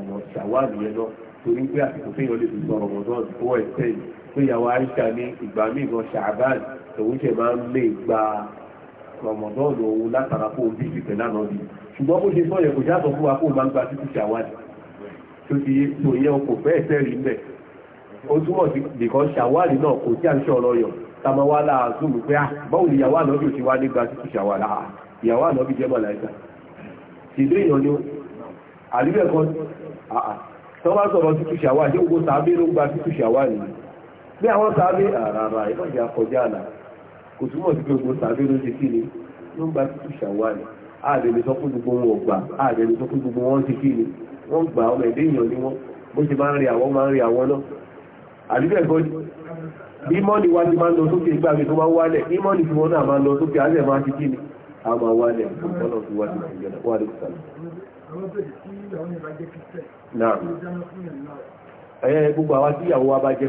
ọ̀rọ̀ ṣàwálì yẹn lọ torí pé àsìkò téèyàn lè fi sọ rọmọdún tó ẹ̀ sẹ́yìn pé ìyàwó àìsà ní ìgbà míì gan ṣàbáàlì òun ṣe máa ń lè gba rọmọdún òun látara kó bí ìfẹ́ lánàá bí ṣùgbọ́n bó ṣe sọ yẹn kò yàtọ̀ fún wa kó máa ń gba títí ṣàwálì tó ti tòyẹ ọkọ̀ bẹ́ẹ̀ sẹ́rìí mẹ́ o túmọ̀ sí kama wá láà zúmù pé à ah, báwo ni ìyàwó ànábì ti wá nígbà títí ṣàwà láà ah, ìyàwó ànábì jẹ́ màláìkà ìdí èèyàn ni ó ah, ni bí àwọn sàábé àràrà ìbàjẹ́ akọjá àlà kò túmọ̀ sí pé ogun sàábé ló ni ló gba títí ṣàwà ni àdèlè sọ fún gbogbo wọn ọgbà ni wọ́n gbà ọmọ ẹ̀dẹ́ èèyàn ni wọ́n bó ṣe máa ń rí àwọn máa ń rí àwọn náà àríbẹ̀ kan bí mọ́nì wá ti máa ń lọ sókè gbàgbé tó máa ń wálẹ̀ bí mọ́nì tí wọ́n náà máa lọ sókè alẹ́ máa ti kí ni a máa wálẹ̀ ọ̀nà tí wá ti máa ń jẹ́ wà lókè sálẹ̀. ẹ̀yẹ́ gbogbo àwa ìyàwó wa bá jẹ́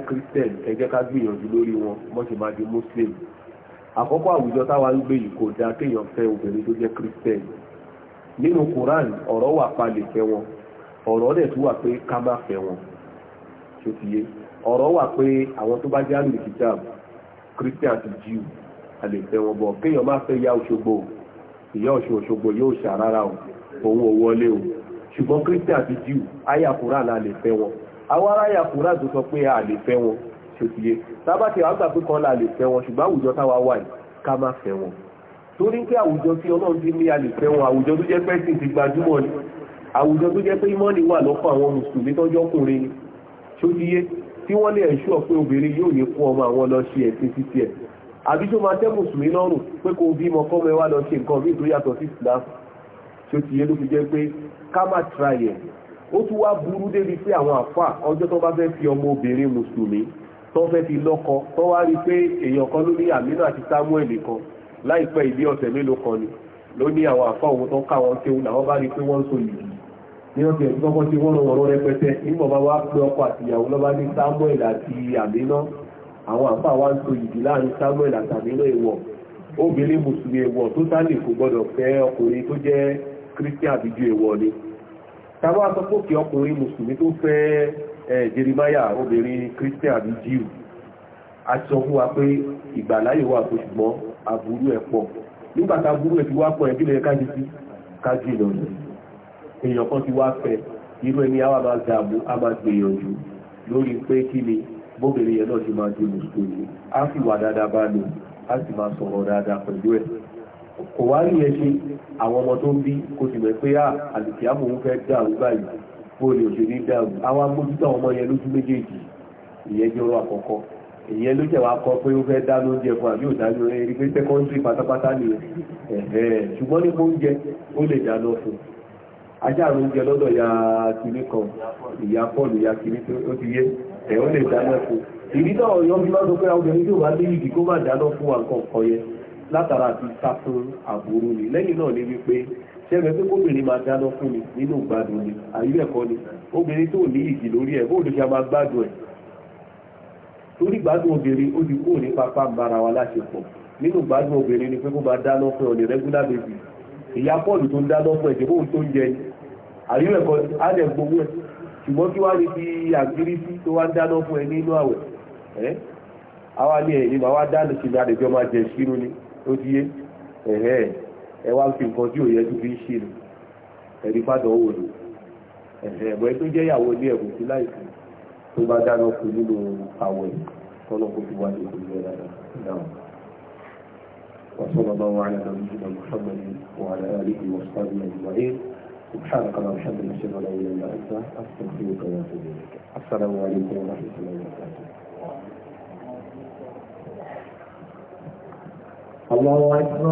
ká gbìyànjú lórí wọn mọ́ muslim àkọ́kọ́ àwùjọ táwa ń gbé yìí kò dáa kéèyàn fẹ́ obìnrin Quran ọ̀rọ̀ wà palẹ̀ fẹ́ wọn ọ̀rọ̀ dẹ̀ tún wà pé ká ọ̀rọ̀ wà pé àwọn tó bá jẹ́ àlùmí kìtàb christian àti jew a lè fẹ́ wọn bọ̀ kéèyàn má fẹ́ ya òṣogbo ìyá ọ̀ṣun òṣogbo yóò ṣà rárá o òun ò wọlé o ṣùgbọ́n christian àti jew aya quran a lè fẹ́ wọn àwọn ará aya quran tó sọ pé a lè fẹ́ wọn ṣòtìyẹ tábàtì àgbà pé kan la lè fẹ́ wọn ṣùgbọ́n àwùjọ táwa wà yìí ká má fẹ́ wọn torí pé àwùjọ tí ọlọ́run ti ní a lè fẹ́ wọn ni àwùjọ tó jẹ́ pé ìmọ̀ni wà lọ́kọ̀ tí wọ́n lè ẹ̀ṣọ́ pé obìnrin yóò yẹ fún ọmọ àwọn lọ ṣe ẹ̀sìn títí ẹ̀ àbí tó máa tẹ́ mùsùlùmí lọ́rùn pé kò bímọ kọ́mọ ẹ wá lọ ṣe nǹkan míì tó yàtọ̀ sí Islam tó ti yé ló fi jẹ́ pé ká má tra yẹ̀ ó tún wá burú débi pé àwọn àfà ọjọ́ tó bá fẹ́ fi ọmọ obìnrin mùsùlùmí tó fẹ́ fi lọ́kọ tó wá rí pé èèyàn kan ló ní àti Samuel kan láìpẹ́ ìdí ọ̀sẹ̀ mélòó kan ni ló ní àwọn àfà òun tó ká wọn ní ọ̀kẹ́ kọ́kọ́ tí wọ́n rọrùn rẹpẹtẹ nígbà bá wá pé ọkọ àtìyàwó lọ́ba ní Samuel àti àmínà àwọn àpá wa ń so ìdí láàrin Samuel àti àmínà èèwọ̀ obìnrin mùsùlùmí èèwọ̀ tó sálè kò gbọdọ̀ fẹ́ ọkùnrin tó jẹ́ Christian àbíjú èèwọ̀ ni tàbá sọ pé kí ọkùnrin mùsùlùmí tó fẹ́ Jeremiah obìnrin Christian àbí Jew a sọ fún wa pé ìgbàláyè wà tó ṣùgbọ́n aburú ẹ̀ pọ̀ nígbà tá aburú ẹ̀ fi wá pọ̀ ẹ̀ kí lè èèyàn kan ti wá fẹ́ irú ẹni àwa máa dààmú a máa gbìyànjú lórí pé kí ni bóbìnrin yẹn náà ti máa di mùsùlùmí á sì wà dáadáa bá lò á sì máa sọ̀rọ̀ dáadáa pẹ̀lú ẹ̀ kò wá rí yẹn ṣe àwọn ọmọ tó ń bí kò sì mọ̀ pé à àlùkí àmòhún fẹ́ dàrú báyìí bó lè ṣe ní dàrú àwọn amójútó àwọn ọmọ yẹn lójú méjèèjì ìyẹn jẹ́ ọ̀rọ̀ àkọ́kọ́ èyí ló jẹ́ wá kọ pé ó fẹ́ dá lóúnjẹ fún àbí òdájú rẹ̀ rí pé sẹ́kọ́ndì pátápátá ni ẹ̀ẹ́ ṣùgbọ́n ní oúnjẹ ó lè dáná fún ajá àrùn oúnjẹ lọ́dọ̀ ya kìíní kan ìyá pọ́ọ̀lù ya kìíní tó ti yé ẹ̀wọ́n lè dáná fún ìdí náà yọ bí lọ́dọ̀ pé obìnrin tó bá ní ìdí kó má dáná fún wa nǹkan kan yẹn látara àti sá fún àbúrú ni lẹ́yìn náà ni wípé ṣẹ́gbẹ́ pé kóbìnrin máa dáná fún mi nínú ìgbádùn ni àyílẹ̀ ni obìnrin tó ní ìdí lórí ẹ̀ bó ló ṣe máa gbádùn ẹ̀ torí ìgbádùn obìnrin ó ti kúrò ní pápá ń bára wa láṣepọ̀ nínú ìgbádùn obìnrin ni pé kó máa dáná fún ọ ní regular basis ìyá pọ́ọ̀lù tó ń dáná fún ẹ̀jẹ̀ bóun tó ń jẹ ni àríwẹ̀kọ́ adẹ̀ gbogbo ẹ̀ ṣùgbọ́n kí wàá ní fi àgírí sí tó wá ń dáná fún ẹ nínú àwẹ̀ ẹ́ àwa ní ẹ̀yìn máa wá dáná sí àdèjọ́ máa jẹ ṣírú ni ó ti yé ẹ̀hẹ́ ẹ wá fi nǹkan tí ò yẹ tó fi ń ṣírú ẹ̀rí fàdọ̀ owó ni ẹ̀hẹ́ ẹ̀bọ̀ ẹ tó jẹ́ ìyàwó ní ẹ̀bùn sí láìsí tó bá dáná fún nínú àwẹ̀ kọ́nà kó fi wá ní ìpínlẹ̀ dáadáa وصلى الله على نبينا محمد وعلى اله وصحبه اجمعين سبحانك اللهم وبحمدك نشهد ان لا اله الا انت استغفرك واتوب اليك السلام عليكم ورحمه الله وبركاته الله اكبر